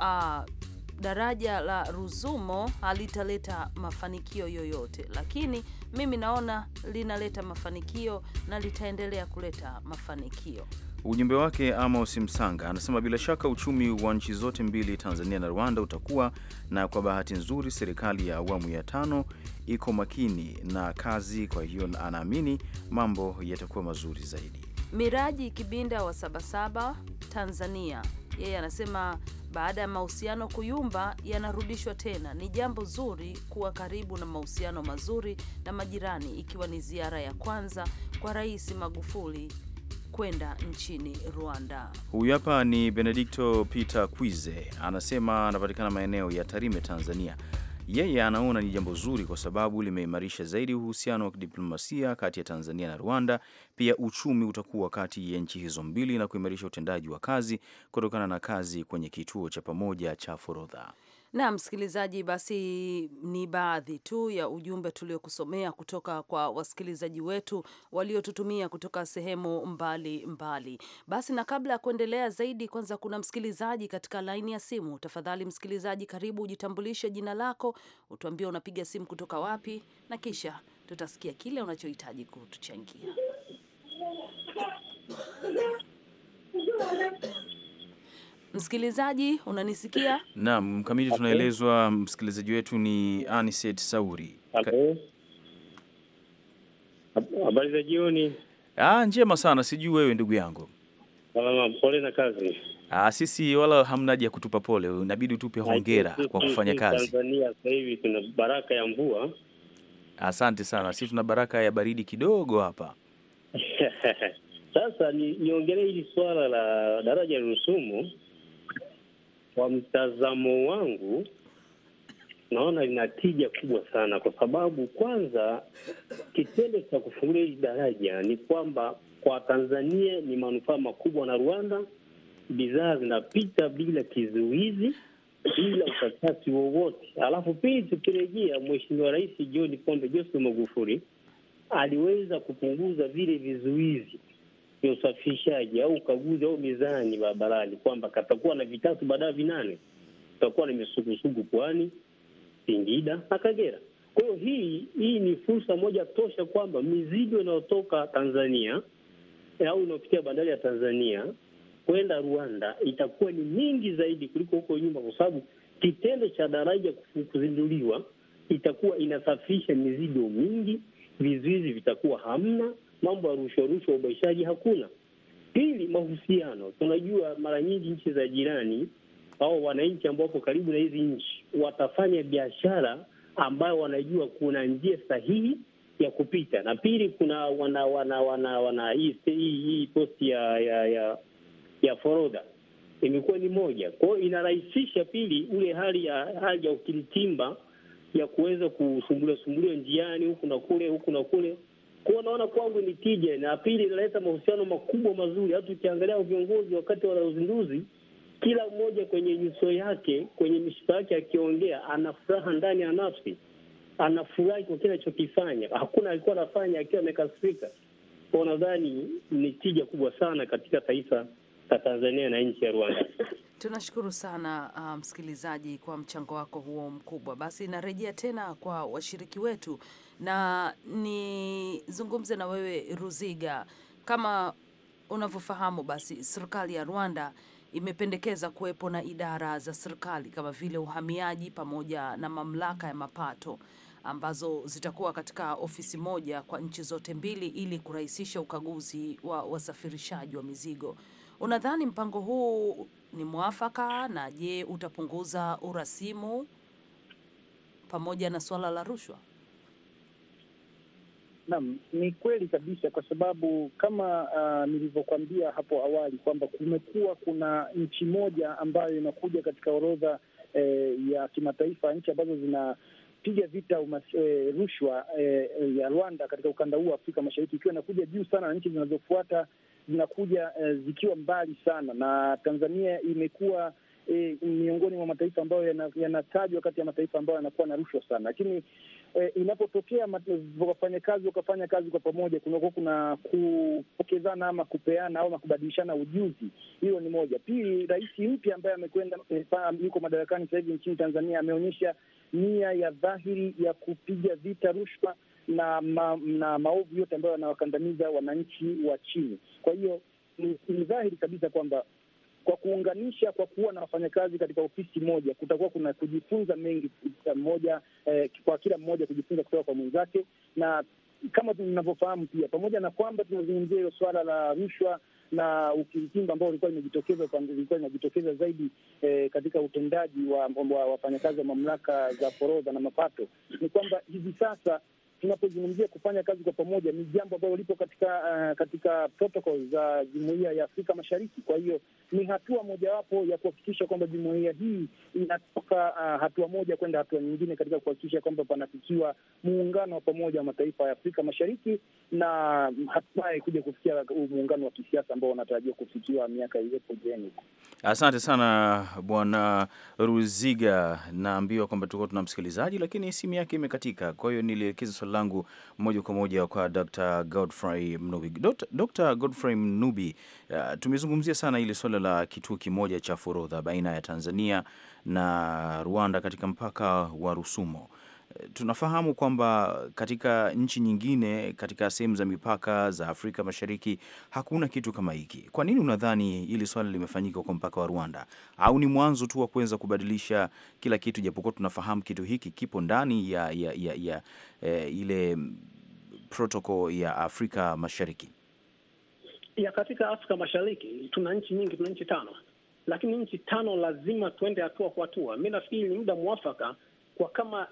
uh, daraja la Ruzumo halitaleta mafanikio yoyote, lakini mimi naona linaleta mafanikio na litaendelea kuleta mafanikio. Ujumbe wake Amos Msanga anasema bila shaka uchumi wa nchi zote mbili Tanzania na Rwanda utakuwa, na kwa bahati nzuri serikali ya awamu ya tano iko makini na kazi, kwa hiyo anaamini mambo yatakuwa mazuri zaidi. Miraji Kibinda wa Sabasaba, Tanzania, yeye anasema baada ya mahusiano kuyumba yanarudishwa tena. Ni jambo zuri kuwa karibu na mahusiano mazuri na majirani, ikiwa ni ziara ya kwanza kwa Rais Magufuli kwenda nchini Rwanda. Huyu hapa ni benedikto Peter Kwize, anasema anapatikana maeneo ya Tarime, Tanzania. Yeye anaona ni jambo zuri kwa sababu limeimarisha zaidi uhusiano wa kidiplomasia kati ya Tanzania na Rwanda. Pia uchumi utakuwa kati ya nchi hizo mbili na kuimarisha utendaji wa kazi kutokana na kazi kwenye kituo cha pamoja cha forodha. Na msikilizaji, basi ni baadhi tu ya ujumbe tuliokusomea kutoka kwa wasikilizaji wetu waliotutumia kutoka sehemu mbali mbali. Basi na kabla ya kuendelea zaidi, kwanza kuna msikilizaji katika laini ya simu. Tafadhali msikilizaji, karibu, ujitambulishe jina lako, utuambie unapiga simu kutoka wapi, na kisha tutasikia kile unachohitaji kutuchangia. [COUGHS] Msikilizaji, unanisikia? Naam, mkamili tunaelezwa msikilizaji wetu ni Aniset Sauri. Habari za jioni. Ah, njema sana, sijui wewe ndugu yangu. Salama, pole na kazi. Ah, sisi wala hamnaji ya kutupa pole, inabidi tupe hongera kwa kufanya kazi. Tanzania sasa hivi tuna baraka ya mvua. Asante sana, sisi tuna baraka ya baridi kidogo hapa. [LAUGHS] Sasa niongelee ni hili swala la daraja la Rusumo kwa mtazamo wangu, naona lina tija kubwa sana, kwa sababu kwanza kitendo cha kufungulia hili daraja ni kwamba kwa Tanzania ni manufaa makubwa na Rwanda, bidhaa zinapita bila kizuizi bila ukakati wowote. Alafu pili, tukirejea Mheshimiwa Rais John Pombe Joseph Magufuli aliweza kupunguza vile vizuizi ni au ukaguzi au mizani barabarani, kwamba katakuwa na vitatu baadaye vinane, tutakuwa na misugusugu Pwani, Singida na Kagera. Kwa hiyo hii hii ni fursa moja tosha kwamba mizigo inayotoka Tanzania eh, au inayopitia bandari ya Tanzania kwenda Rwanda itakuwa ni mingi zaidi kuliko huko nyuma, kwa sababu kitendo cha daraja kuzinduliwa itakuwa inasafisha mizigo mingi, vizuizi vitakuwa hamna mambo ya rushwa rushwa, ubaishaji hakuna. Pili, mahusiano. Tunajua mara nyingi nchi za jirani au wananchi ambao wako karibu na hizi nchi watafanya biashara ambayo wanajua kuna njia sahihi ya kupita. Na pili, kuna wana wana wana wana hii posti ya ya ya, ya forodha imekuwa ni moja. Kwa hiyo inarahisisha pili ule hali ya hali ya ukiritimba ya kuweza kusumbuliwa sumbuliwa njiani huku na kule huku na kule kuwa naona kwangu ni tija, na pili inaleta mahusiano makubwa mazuri. Hata ukiangalia viongozi wakati wa uzinduzi, kila mmoja kwenye nyuso yake, kwenye mishipa yake, akiongea ana furaha ndani ya nafsi, anafurahi kwa kile anachokifanya. Hakuna alikuwa anafanya akiwa amekasirika. Kwa nadhani ni tija kubwa sana katika taifa la Tanzania na nchi ya Rwanda. [LAUGHS] Tunashukuru sana uh, msikilizaji, um, kwa mchango wako huo mkubwa. Basi narejea tena kwa washiriki wetu na nizungumze na wewe Ruziga, kama unavyofahamu basi, serikali ya Rwanda imependekeza kuwepo na idara za serikali kama vile uhamiaji pamoja na mamlaka ya mapato ambazo zitakuwa katika ofisi moja kwa nchi zote mbili ili kurahisisha ukaguzi wa wasafirishaji wa mizigo. Unadhani mpango huu ni mwafaka? Na je, utapunguza urasimu pamoja na suala la rushwa? Naam, ni kweli kabisa, kwa sababu kama uh, nilivyokuambia hapo awali kwamba kumekuwa kuna nchi moja ambayo inakuja katika orodha eh, ya kimataifa nchi ambazo zina piga vita e, rushwa e, ya Rwanda katika ukanda huu wa Afrika Mashariki ikiwa inakuja juu sana na nchi zinazofuata zinakuja e, zikiwa mbali sana, na Tanzania imekuwa e, miongoni mwa mataifa ambayo yanatajwa yana kati ya mataifa ambayo yanakuwa na rushwa sana, lakini eh, inapotokea wafanyakazi wakafanya kazi kwa pamoja, kunakuwa kuna kupokezana ama kupeana au kubadilishana ujuzi. Hiyo ni moja. Pili, rais mpya ambaye amekwenda eh, yuko madarakani sasa hivi nchini Tanzania ameonyesha nia ya dhahiri ya kupiga vita rushwa na ma, na maovu yote ambayo yanawakandamiza wananchi wa chini. Kwa hiyo ni dhahiri kabisa kwamba kwa kuunganisha, kwa kuwa na wafanyakazi katika ofisi moja, kutakuwa kuna kujifunza mengi eh, moja, eh, kwa kila mmoja kujifunza kutoka kwa mwenzake, na kama tunavyofahamu pia, pamoja na kwamba tunazungumzia hilo swala la rushwa na ukiritimba ambao ulikuwa imejitokeza ilikuwa inajitokeza zaidi eh, katika utendaji wa wafanyakazi wa mamlaka za forodha na mapato, ni kwamba hivi sasa tunapozungumzia kufanya kazi kwa pamoja, ni jambo ambalo lipo katika uh, katika protocol za jumuiya ya Afrika Mashariki. Kwa hiyo ni hatua mojawapo ya kuhakikisha kwamba jumuiya hii inatoka uh, hatua moja kwenda hatua nyingine katika kuhakikisha kwamba panafikiwa muungano wa pamoja wa mataifa ya Afrika Mashariki na hatimaye kuja kufikia muungano wa kisiasa ambao unatarajiwa kufikiwa miaka iliyopo jeni. Asante sana Bwana Ruziga, naambiwa kwamba tulikuwa tuna msikilizaji lakini simu yake imekatika, kwa hiyo nilielekeza swali langu moja kwa moja kwa Dr. Godfrey Mnubi. Dr. Godfrey Mnubi, uh, tumezungumzia sana ile suala la kituo kimoja cha forodha baina ya Tanzania na Rwanda katika mpaka wa Rusumo tunafahamu kwamba katika nchi nyingine, katika sehemu za mipaka za Afrika Mashariki hakuna kitu kama hiki. Kwa nini unadhani hili swala limefanyika kwa mpaka wa Rwanda, au ni mwanzo tu wa kuweza kubadilisha kila kitu, japokuwa tunafahamu kitu hiki kipo ndani ya, ya, ya, ya e, ile protokol ya Afrika Mashariki ya katika Afrika Mashariki tuna nchi nyingi, tuna nchi tano, lakini nchi tano lazima tuende hatua kwa hatua. Mi nafikiri ni muda mwafaka kwa kama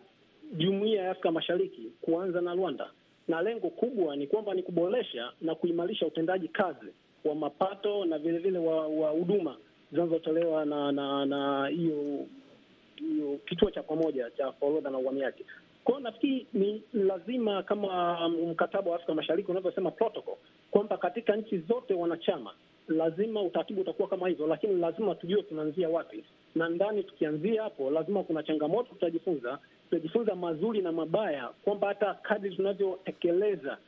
jumuiya ya Afrika Mashariki kuanza na Rwanda, na lengo kubwa ni kwamba ni kuboresha na kuimarisha utendaji kazi wa mapato na vilevile wa huduma zinazotolewa na na na hiyo hiyo kituo cha pamoja cha forodha na uhamiaji. Kwa hiyo nafikiri ni lazima kama um, mkataba wa Afrika Mashariki unavyosema protocol, kwamba katika nchi zote wanachama lazima utaratibu utakuwa kama hizo, lakini lazima tujue tunaanzia wapi, na ndani tukianzia hapo, lazima kuna changamoto tutajifunza, tunajifunza mazuri na mabaya, kwamba hata kadri tunavyotekeleza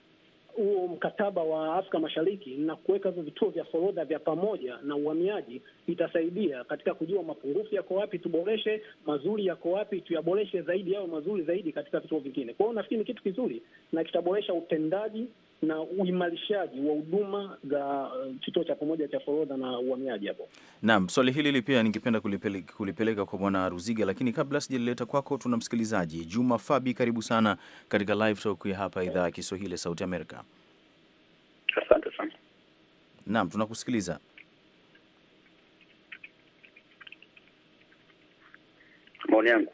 huo mkataba wa Afrika Mashariki na kuweka hivyo vituo vya forodha vya pamoja na uhamiaji, itasaidia katika kujua mapungufu yako wapi, tuboreshe mazuri yako wapi, tuyaboreshe zaidi, yawe mazuri zaidi katika vituo vingine. Kwa hiyo nafikiri ni kitu kizuri na kitaboresha utendaji na uimarishaji wa huduma za uh, kituo cha pamoja cha forodha na uhamiaji hapo. Naam, swali hili pia ningependa kulipeleka, kulipeleka kwa Bwana Ruziga, lakini kabla sijalileta kwako, tuna msikilizaji Juma Fabi, karibu sana katika live talk ya hapa idhaa ya Kiswahili ya Sauti Amerika. Asante sana. Naam, tunakusikiliza. Maoni yangu.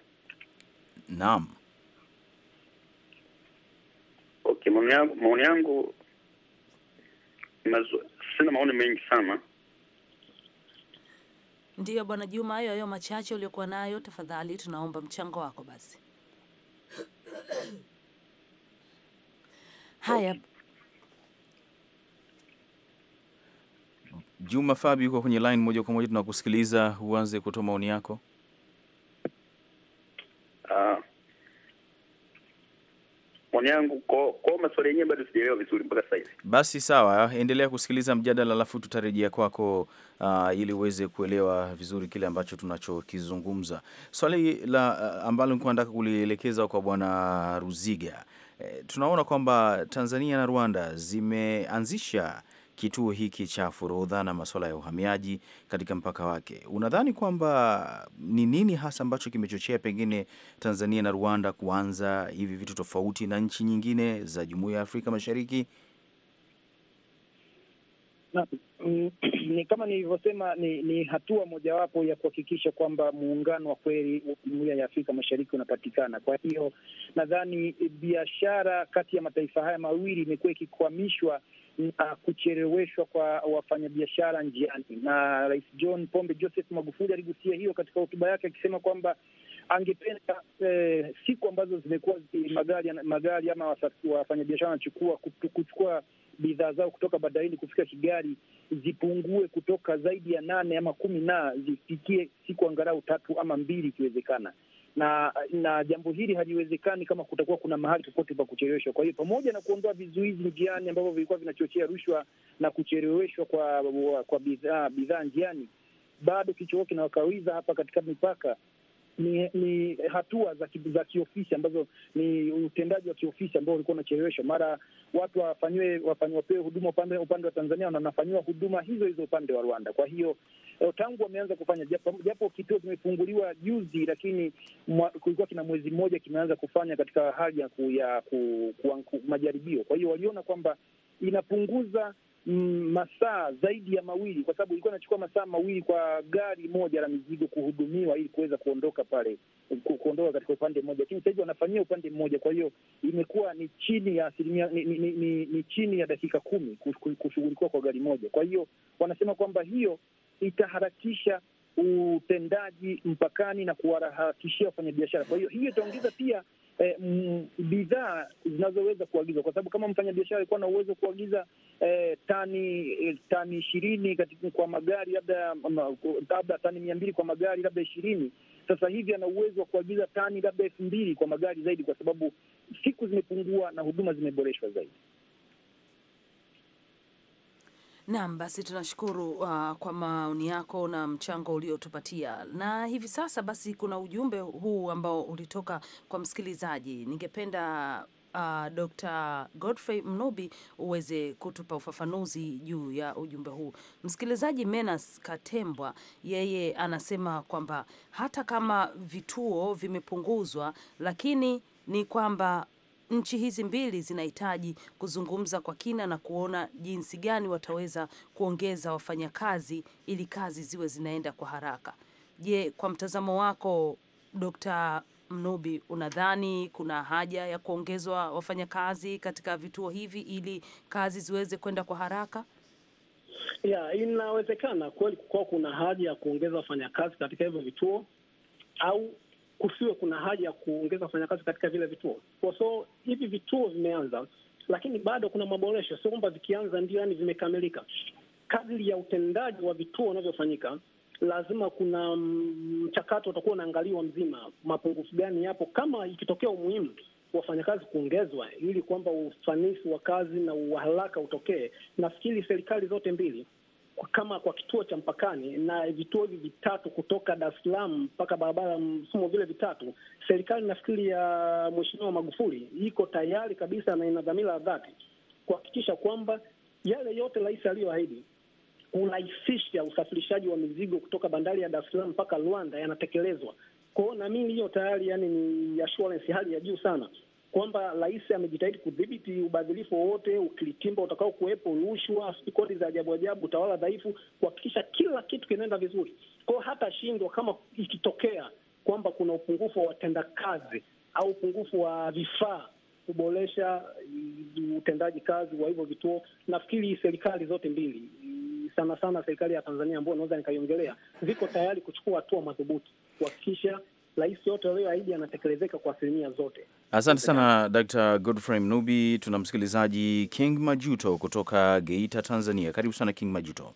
Naam. Maoni yangu maoni yangu sina maoni mengi sana. Ndiyo Bwana Juma, hayo hayo machache uliokuwa nayo, tafadhali tunaomba mchango wako basi. Haya, Juma Fabi yuko kwenye line moja kwa moja, tunakusikiliza uanze kutoa maoni yako. Uh, maoni yangu kwa, kwa maswali yenyewe bado sijaelewa vizuri mpaka sasa hivi. Basi sawa, endelea kusikiliza mjadala alafu tutarejea kwako, uh, ili uweze kuelewa vizuri kile ambacho tunachokizungumza. Swali la uh, ambalo nilikuwa nataka kulielekeza kwa Bwana Ruziga, eh, tunaona kwamba Tanzania na Rwanda zimeanzisha kituo hiki cha forodha na masuala ya uhamiaji katika mpaka wake. Unadhani kwamba ni nini hasa ambacho kimechochea pengine Tanzania na Rwanda kuanza hivi vitu tofauti na nchi nyingine za Jumuiya ya Afrika Mashariki? Na, mm, [CLEARS THROAT] ni kama nilivyosema ni, ni hatua mojawapo ya kuhakikisha kwamba muungano wa kweli wa Jumuiya ya Afrika Mashariki unapatikana. Kwa hiyo nadhani biashara kati ya mataifa haya mawili imekuwa ikikwamishwa na uh, kucheleweshwa kwa wafanyabiashara njiani. Na Rais John Pombe Joseph Magufuli aligusia hiyo katika hotuba yake akisema kwamba angependa eh, siku ambazo zimekuwa magari magari ama wafanyabiashara wanachukua kuchukua bidhaa zao kutoka bandarini kufika Kigali zipungue kutoka zaidi ya nane ama kumi na zifikie siku angalau tatu ama mbili ikiwezekana na na jambo hili haliwezekani kama kutakuwa kuna mahali popote pa kucheleweshwa. Kwa hiyo pamoja na kuondoa vizuizi njiani ambavyo vilikuwa vinachochea rushwa na kucheleweshwa kwa kwa bidhaa bidhaa njiani, bado kichoko kinawakawiza hapa katika mipaka ni, ni hatua za, za kiofisi ambazo ni utendaji wa kiofisi ambao ulikuwa unacheleweshwa. Mara watu wafanyiwe wapewe huduma upande, upande wa Tanzania na wanafanyiwa huduma hizo hizo upande wa Rwanda. Kwa hiyo eh, tangu wameanza kufanya japo, japo kituo kimefunguliwa juzi, lakini kulikuwa kina mwezi mmoja kimeanza kufanya katika hali ya ku, ku, ku, ku, majaribio. Kwa hiyo waliona kwamba inapunguza masaa zaidi ya mawili, kwa sababu ilikuwa inachukua masaa mawili kwa gari moja la mizigo kuhudumiwa ili kuweza kuondoka pale, kuondoka katika upande mmoja, lakini sahizi wanafanyia upande mmoja. Kwa hiyo imekuwa ni chini ya asilimia ni, ni, ni, ni, ni chini ya dakika kumi kushughulikiwa kwa gari moja. Kwa hiyo wanasema kwamba hiyo itaharakisha utendaji mpakani na kuwarahakishia wafanyabiashara. Kwa hiyo hiyo itaongeza pia eh, bidhaa zinazoweza kuagizwa, kwa sababu kama mfanyabiashara alikuwa na uwezo wa kuagiza eh, tani eh, tani ishirini kwa magari labda labda tani mia mbili kwa magari labda ishirini sasa hivi ana uwezo wa kuagiza tani labda elfu mbili kwa magari zaidi, kwa sababu siku zimepungua na huduma zimeboreshwa zaidi. Naam, basi tunashukuru uh, kwa maoni yako na mchango uliotupatia. Na hivi sasa basi kuna ujumbe huu ambao ulitoka kwa msikilizaji. Ningependa uh, Dr. Godfrey Mnubi uweze kutupa ufafanuzi juu ya ujumbe huu. Msikilizaji Menas Katembwa yeye anasema kwamba hata kama vituo vimepunguzwa lakini ni kwamba nchi hizi mbili zinahitaji kuzungumza kwa kina na kuona jinsi gani wataweza kuongeza wafanyakazi ili kazi ziwe zinaenda kwa haraka. Je, kwa mtazamo wako Dr. Mnubi, unadhani kuna haja ya kuongezwa wafanyakazi katika vituo hivi ili kazi ziweze kwenda kwa haraka? Ya, inawezekana kweli kukawa kuna haja ya kuongeza wafanyakazi katika hivyo vituo au kusiwe kuna haja ya kuongeza wafanyakazi katika vile vituo. Kwa so hivi vituo vimeanza, lakini bado kuna maboresho, sio kwamba vikianza ndio yani vimekamilika. Kadri ya utendaji wa vituo unavyofanyika lazima kuna mm, mchakato utakuwa unaangaliwa mzima, mapungufu gani yapo, kama ikitokea umuhimu wafanyakazi kuongezwa, ili kwamba ufanisi wa kazi na uharaka utokee. Nafikiri serikali zote mbili kama kwa kituo cha mpakani na vituo hivi vitatu kutoka Dar es Salaam mpaka barabara mfumo vile vitatu, serikali nafikiri ya Mheshimiwa Magufuli iko tayari kabisa na ina dhamira ya dhati kuhakikisha kwamba yale yote rais aliyoahidi kurahisisha usafirishaji wa mizigo kutoka bandari ya Dar es Salaam mpaka Rwanda yanatekelezwa. Kwa hiyo mimi hiyo tayari, yani ni assurance hali ya juu sana kwamba rais amejitahidi kudhibiti ubadhilifu wowote, ukilitimba utakao kuwepo, rushwa, kodi za ajabu ajabu, utawala dhaifu, kuhakikisha kila kitu kinaenda vizuri. Kwa hiyo hata shindwa kama ikitokea kwamba kuna upungufu wa watendakazi au upungufu wa vifaa kuboresha utendaji kazi wa hivyo vituo. Nafikiri serikali zote mbili, sana sana serikali ya Tanzania ambayo naweza nikaiongelea, ziko tayari kuchukua hatua madhubuti kuhakikisha rais yote aidi anatekelezeka kwa asilimia zote. Asante sana Dr. Godfrey Mnubi. Tuna msikilizaji King Majuto kutoka Geita, Tanzania. Karibu sana King Majuto.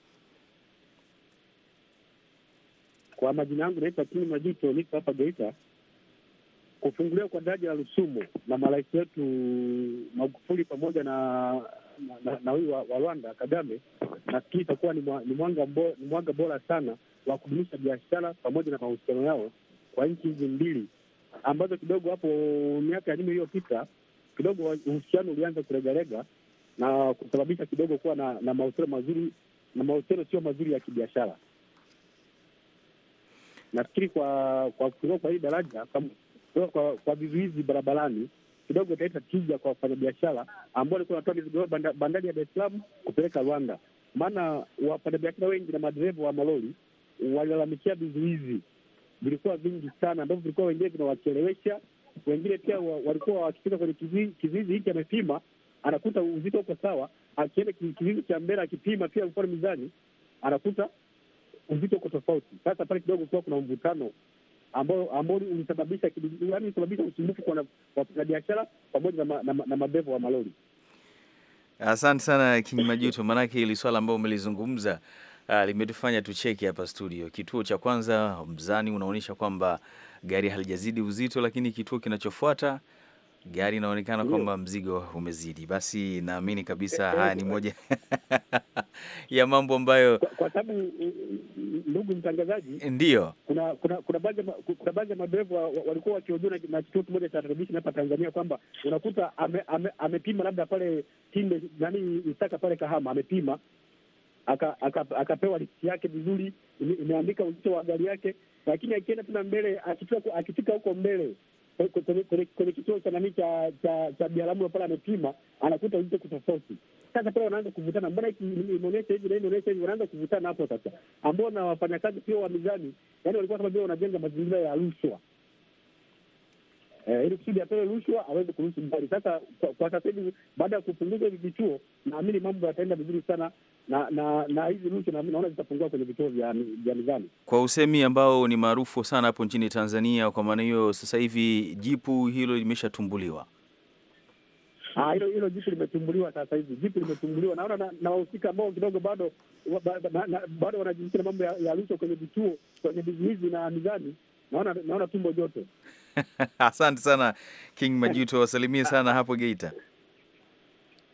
Kwa majina yangu naitwa King Majuto, niko hapa Geita. Kufunguliwa kwa daraja la Rusumo na marais wetu Magufuli pamoja na na huyu wa Rwanda Kagame, nafikiri itakuwa ni mwanga bora sana wa kudumisha biashara pamoja na mahusiano yao kwa nchi hizi mbili ambazo kidogo hapo miaka ya nyuma iliyopita kidogo uhusiano ulianza kuregarega na kusababisha kidogo kuwa na, na mahusiano mazuri na mahusiano sio mazuri ya kibiashara. Nafikiri kwa kwa kufunguliwa kwa hii daraja kwa, kwa, kwa vizuizi barabarani kidogo italeta tija kwa wafanyabiashara ambao walikuwa wanatoa mizigo yao bandari ya Dar es Salaam kupeleka Rwanda, maana wafanyabiashara wengi na madereva wa malori walilalamikia vizuizi vilikuwa vingi sana, ambavyo vilikuwa wengine vinawachelewesha. Wengine pia wa, walikuwa wakifika kwenye kizizi hiki, amepima anakuta uzito uko sawa, akienda kizizi cha mbele akipima pia mfano mizani, anakuta uzito uko tofauti. Sasa pale kidogo kuwa kuna mvutano ambao ambao ulisababisha yaani ulisababisha usumbufu kwa wafanyabiashara pamoja na, na, na mabevu wa malori. Asante sana King Majuto, maanake hili swala ambayo umelizungumza Ah, limetufanya tucheki hapa studio. Kituo cha kwanza mzani unaonyesha kwamba gari halijazidi uzito, lakini kituo kinachofuata gari inaonekana kwamba mzigo umezidi. Basi naamini kabisa eh, eh, haya ni moja [LAUGHS] ya mambo ambayo kwa, kwa sababu eh, ndugu mtangazaji, ndio kuna kuna kuna baadhi kuna baadhi ya madereva walikuwa wakiojua na kituo kimoja cha televisheni hapa Tanzania kwamba unakuta amepima ame, ame labda pale tinde nani Isaka pale Kahama amepima aka, aka, akapewa listi yake vizuri, imeandika uzito wa gari yake, lakini akienda tena mbele, akifika huko mbele kwenye kituo cha nani cha Biaramulo pale, amepima anakuta uzito kutofauti. Sasa pale wanaanza kuvutana, mbona imeonyesha hivi na imeonyesha hivi, wanaanza kuvutana hapo sasa, ambao na wafanyakazi pia wa mizani, yani walikuwa kama vile wanajenga mazingira ya rushwa eh, ili kusudi apewe rushwa aweze kuruhusu gari. Sasa kwa sasa hivi, baada ya kupunguza hivi vituo, naamini mambo yataenda vizuri sana na na na hizi miti naona zitapungua kwenye vituo vya mizani, kwa usemi ambao ni maarufu sana hapo nchini Tanzania. Kwa maana hiyo, sasa hivi jipu hilo limeshatumbuliwa. Ah, hilo hilo jipu limetumbuliwa, sasa hivi jipu limetumbuliwa. Naona na wahusika ambao kidogo bado bado wanajihusisha na mambo ya rushwa kwenye vituo, kwenye hizi na mizani, naona naona tumbo joto. [LAUGHS] Asante sana King Majuto, wasalimie sana hapo Geita.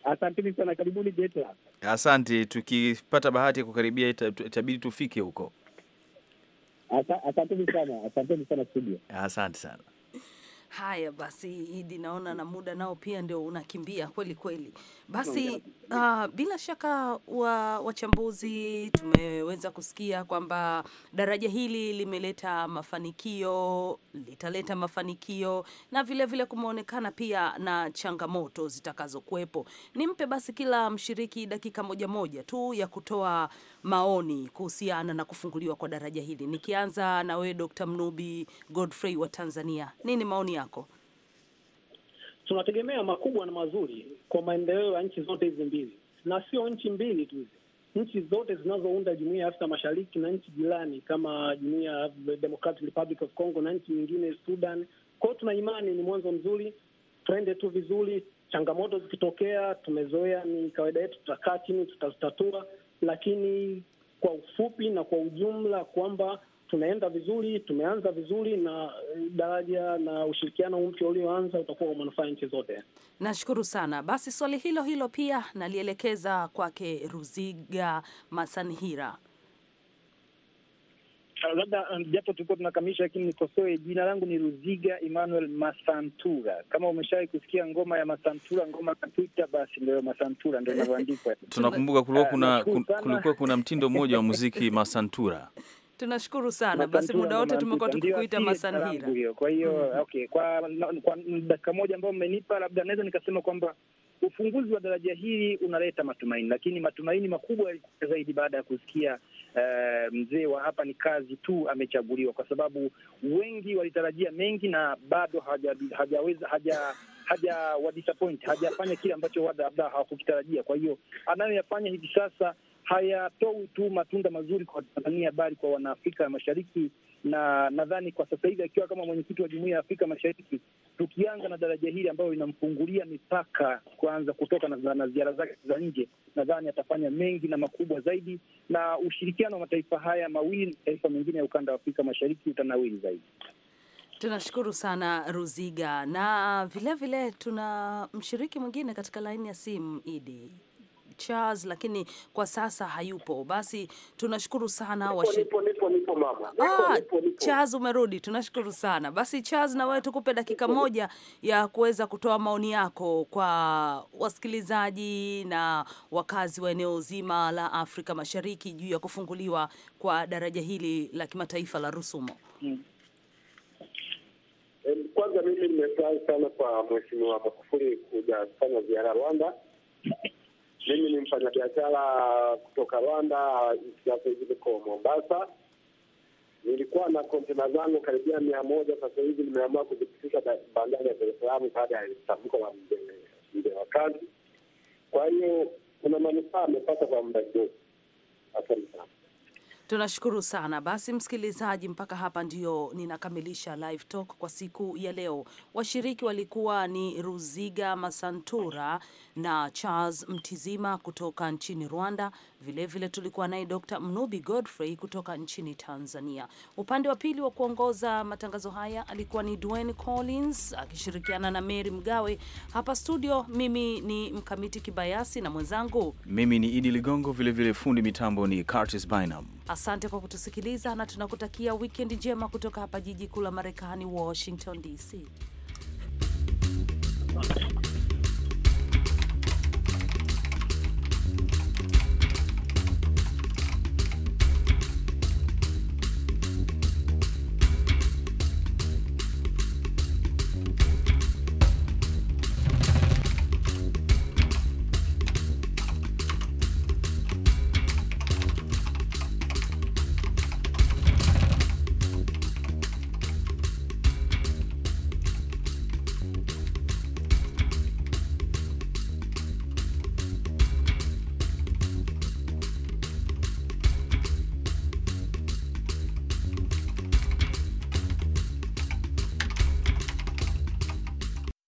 Asanteni sana, karibuni Jetla. Asante, tukipata bahati ya kukaribia itabidi tufike huko. Asanteni sana, asanteni sana studio, asante sana. Haya basi, Idi, naona na muda nao pia ndio unakimbia kweli kweli. Basi uh, bila shaka wa, wachambuzi tumeweza kusikia kwamba daraja hili limeleta mafanikio, litaleta mafanikio na vilevile kumeonekana pia na changamoto zitakazokuwepo. Nimpe basi kila mshiriki dakika moja moja tu ya kutoa maoni kuhusiana na kufunguliwa kwa daraja hili, nikianza na wewe Dr. Mnubi Godfrey wa Tanzania. Nini maoni yako? Tunategemea makubwa na mazuri kwa maendeleo ya nchi zote hizi mbili, na sio nchi mbili tu hizi nchi zote zinazounda jumuiya ya Afrika Mashariki na nchi jirani kama jumuiya ya Democratic Republic of Congo na nchi nyingine Sudan. Kwao tuna imani ni mwanzo mzuri, tuende tu vizuri. Changamoto zikitokea, tumezoea ni kawaida yetu, tutakaa chini, tutazitatua. Lakini kwa ufupi na kwa ujumla, kwamba tunaenda vizuri, tumeanza vizuri na eh, daraja na ushirikiano mpya ulioanza utakuwa wa manufaa nchi zote. Nashukuru sana. Basi swali hilo hilo pia nalielekeza kwake Ruziga Masanhira. Ah, labda um, japo tulikuwa tunakamilisha, lakini nikosoe. Jina langu ni Ruziga Emmanuel Masantura. Kama umeshawahi kusikia ngoma ya Masantura, ngoma kapita, basi ndio Masantura, ndio inavyoandikwa. Tunakumbuka kulikuwa ah, kuna, kulikuwa kuna mtindo mmoja wa muziki [LAUGHS] Masantura Tunashukuru sana basi, muda wote tumekuwa tukikuita Masanhira Kwa hiyo mm. okay, kwa, kwa dakika moja ambayo mmenipa, labda naweza nikasema kwamba ufunguzi wa daraja hili unaleta matumaini, lakini matumaini makubwa zaidi baada ya kusikia uh, mzee wa hapa ni kazi tu amechaguliwa, kwa sababu wengi walitarajia mengi na bado hajaweza haja haja hajafanya kile ambacho labda hawakukitarajia. Kwa hiyo anayoyafanya hivi sasa hayatoi tu matunda mazuri kwa Tanzania bali kwa Wanaafrika ya Mashariki, na nadhani kwa sasa hivi akiwa kama mwenyekiti wa Jumuiya ya Afrika Mashariki, tukianza na daraja hili ambayo inamfungulia mipaka kwanza kutoka na, ziara zake za nje, nadhani atafanya mengi na makubwa zaidi, na ushirikiano wa mataifa haya mawili, mataifa mengine ya ukanda wa Afrika Mashariki utanawili zaidi. Tunashukuru sana Ruziga, na vilevile tuna mshiriki mwingine katika laini ya simu Idi. Charles, lakini kwa sasa hayupo. Basi tunashukuru sana washi... nipo, nipo, nipo, mama. Ah, nipo, nipo, nipo. Charles umerudi, tunashukuru sana basi. Charles, na wewe tukupe dakika moja ya kuweza kutoa maoni yako kwa wasikilizaji na wakazi wa eneo zima la Afrika Mashariki juu ya kufunguliwa kwa daraja hili la kimataifa la Rusumo. Hmm. Eh, kwanza mimi nimefurahi sana kwa Mheshimiwa Magufuli kuja kufanya ziara Rwanda mimi ni mfanyabiashara kutoka Rwanda, sasa hivi niko Mombasa. Nilikuwa na kontena zangu karibia mia moja, sasa hivi nimeamua kuzipitisha bandari ya Dar es Salaam baada ya tamko la mzee wa kazi. Kwa hiyo kuna manufaa amepata kwa muda kidogo. Asante sana. Tunashukuru sana basi, msikilizaji, mpaka hapa ndio ninakamilisha live talk kwa siku ya leo. Washiriki walikuwa ni Ruziga Masantura na Charles Mtizima kutoka nchini Rwanda. Vilevile vile tulikuwa naye Dr. Mnubi Godfrey kutoka nchini Tanzania. Upande wa pili wa kuongoza matangazo haya alikuwa ni Dwayne Collins akishirikiana na Mary Mgawe. Hapa studio mimi ni Mkamiti Kibayasi na mwenzangu mimi ni Idi Ligongo, vilevile vile fundi mitambo ni Curtis Bynum. Asante kwa kutusikiliza na tunakutakia wikendi njema kutoka hapa jiji kuu la Marekani, Washington DC.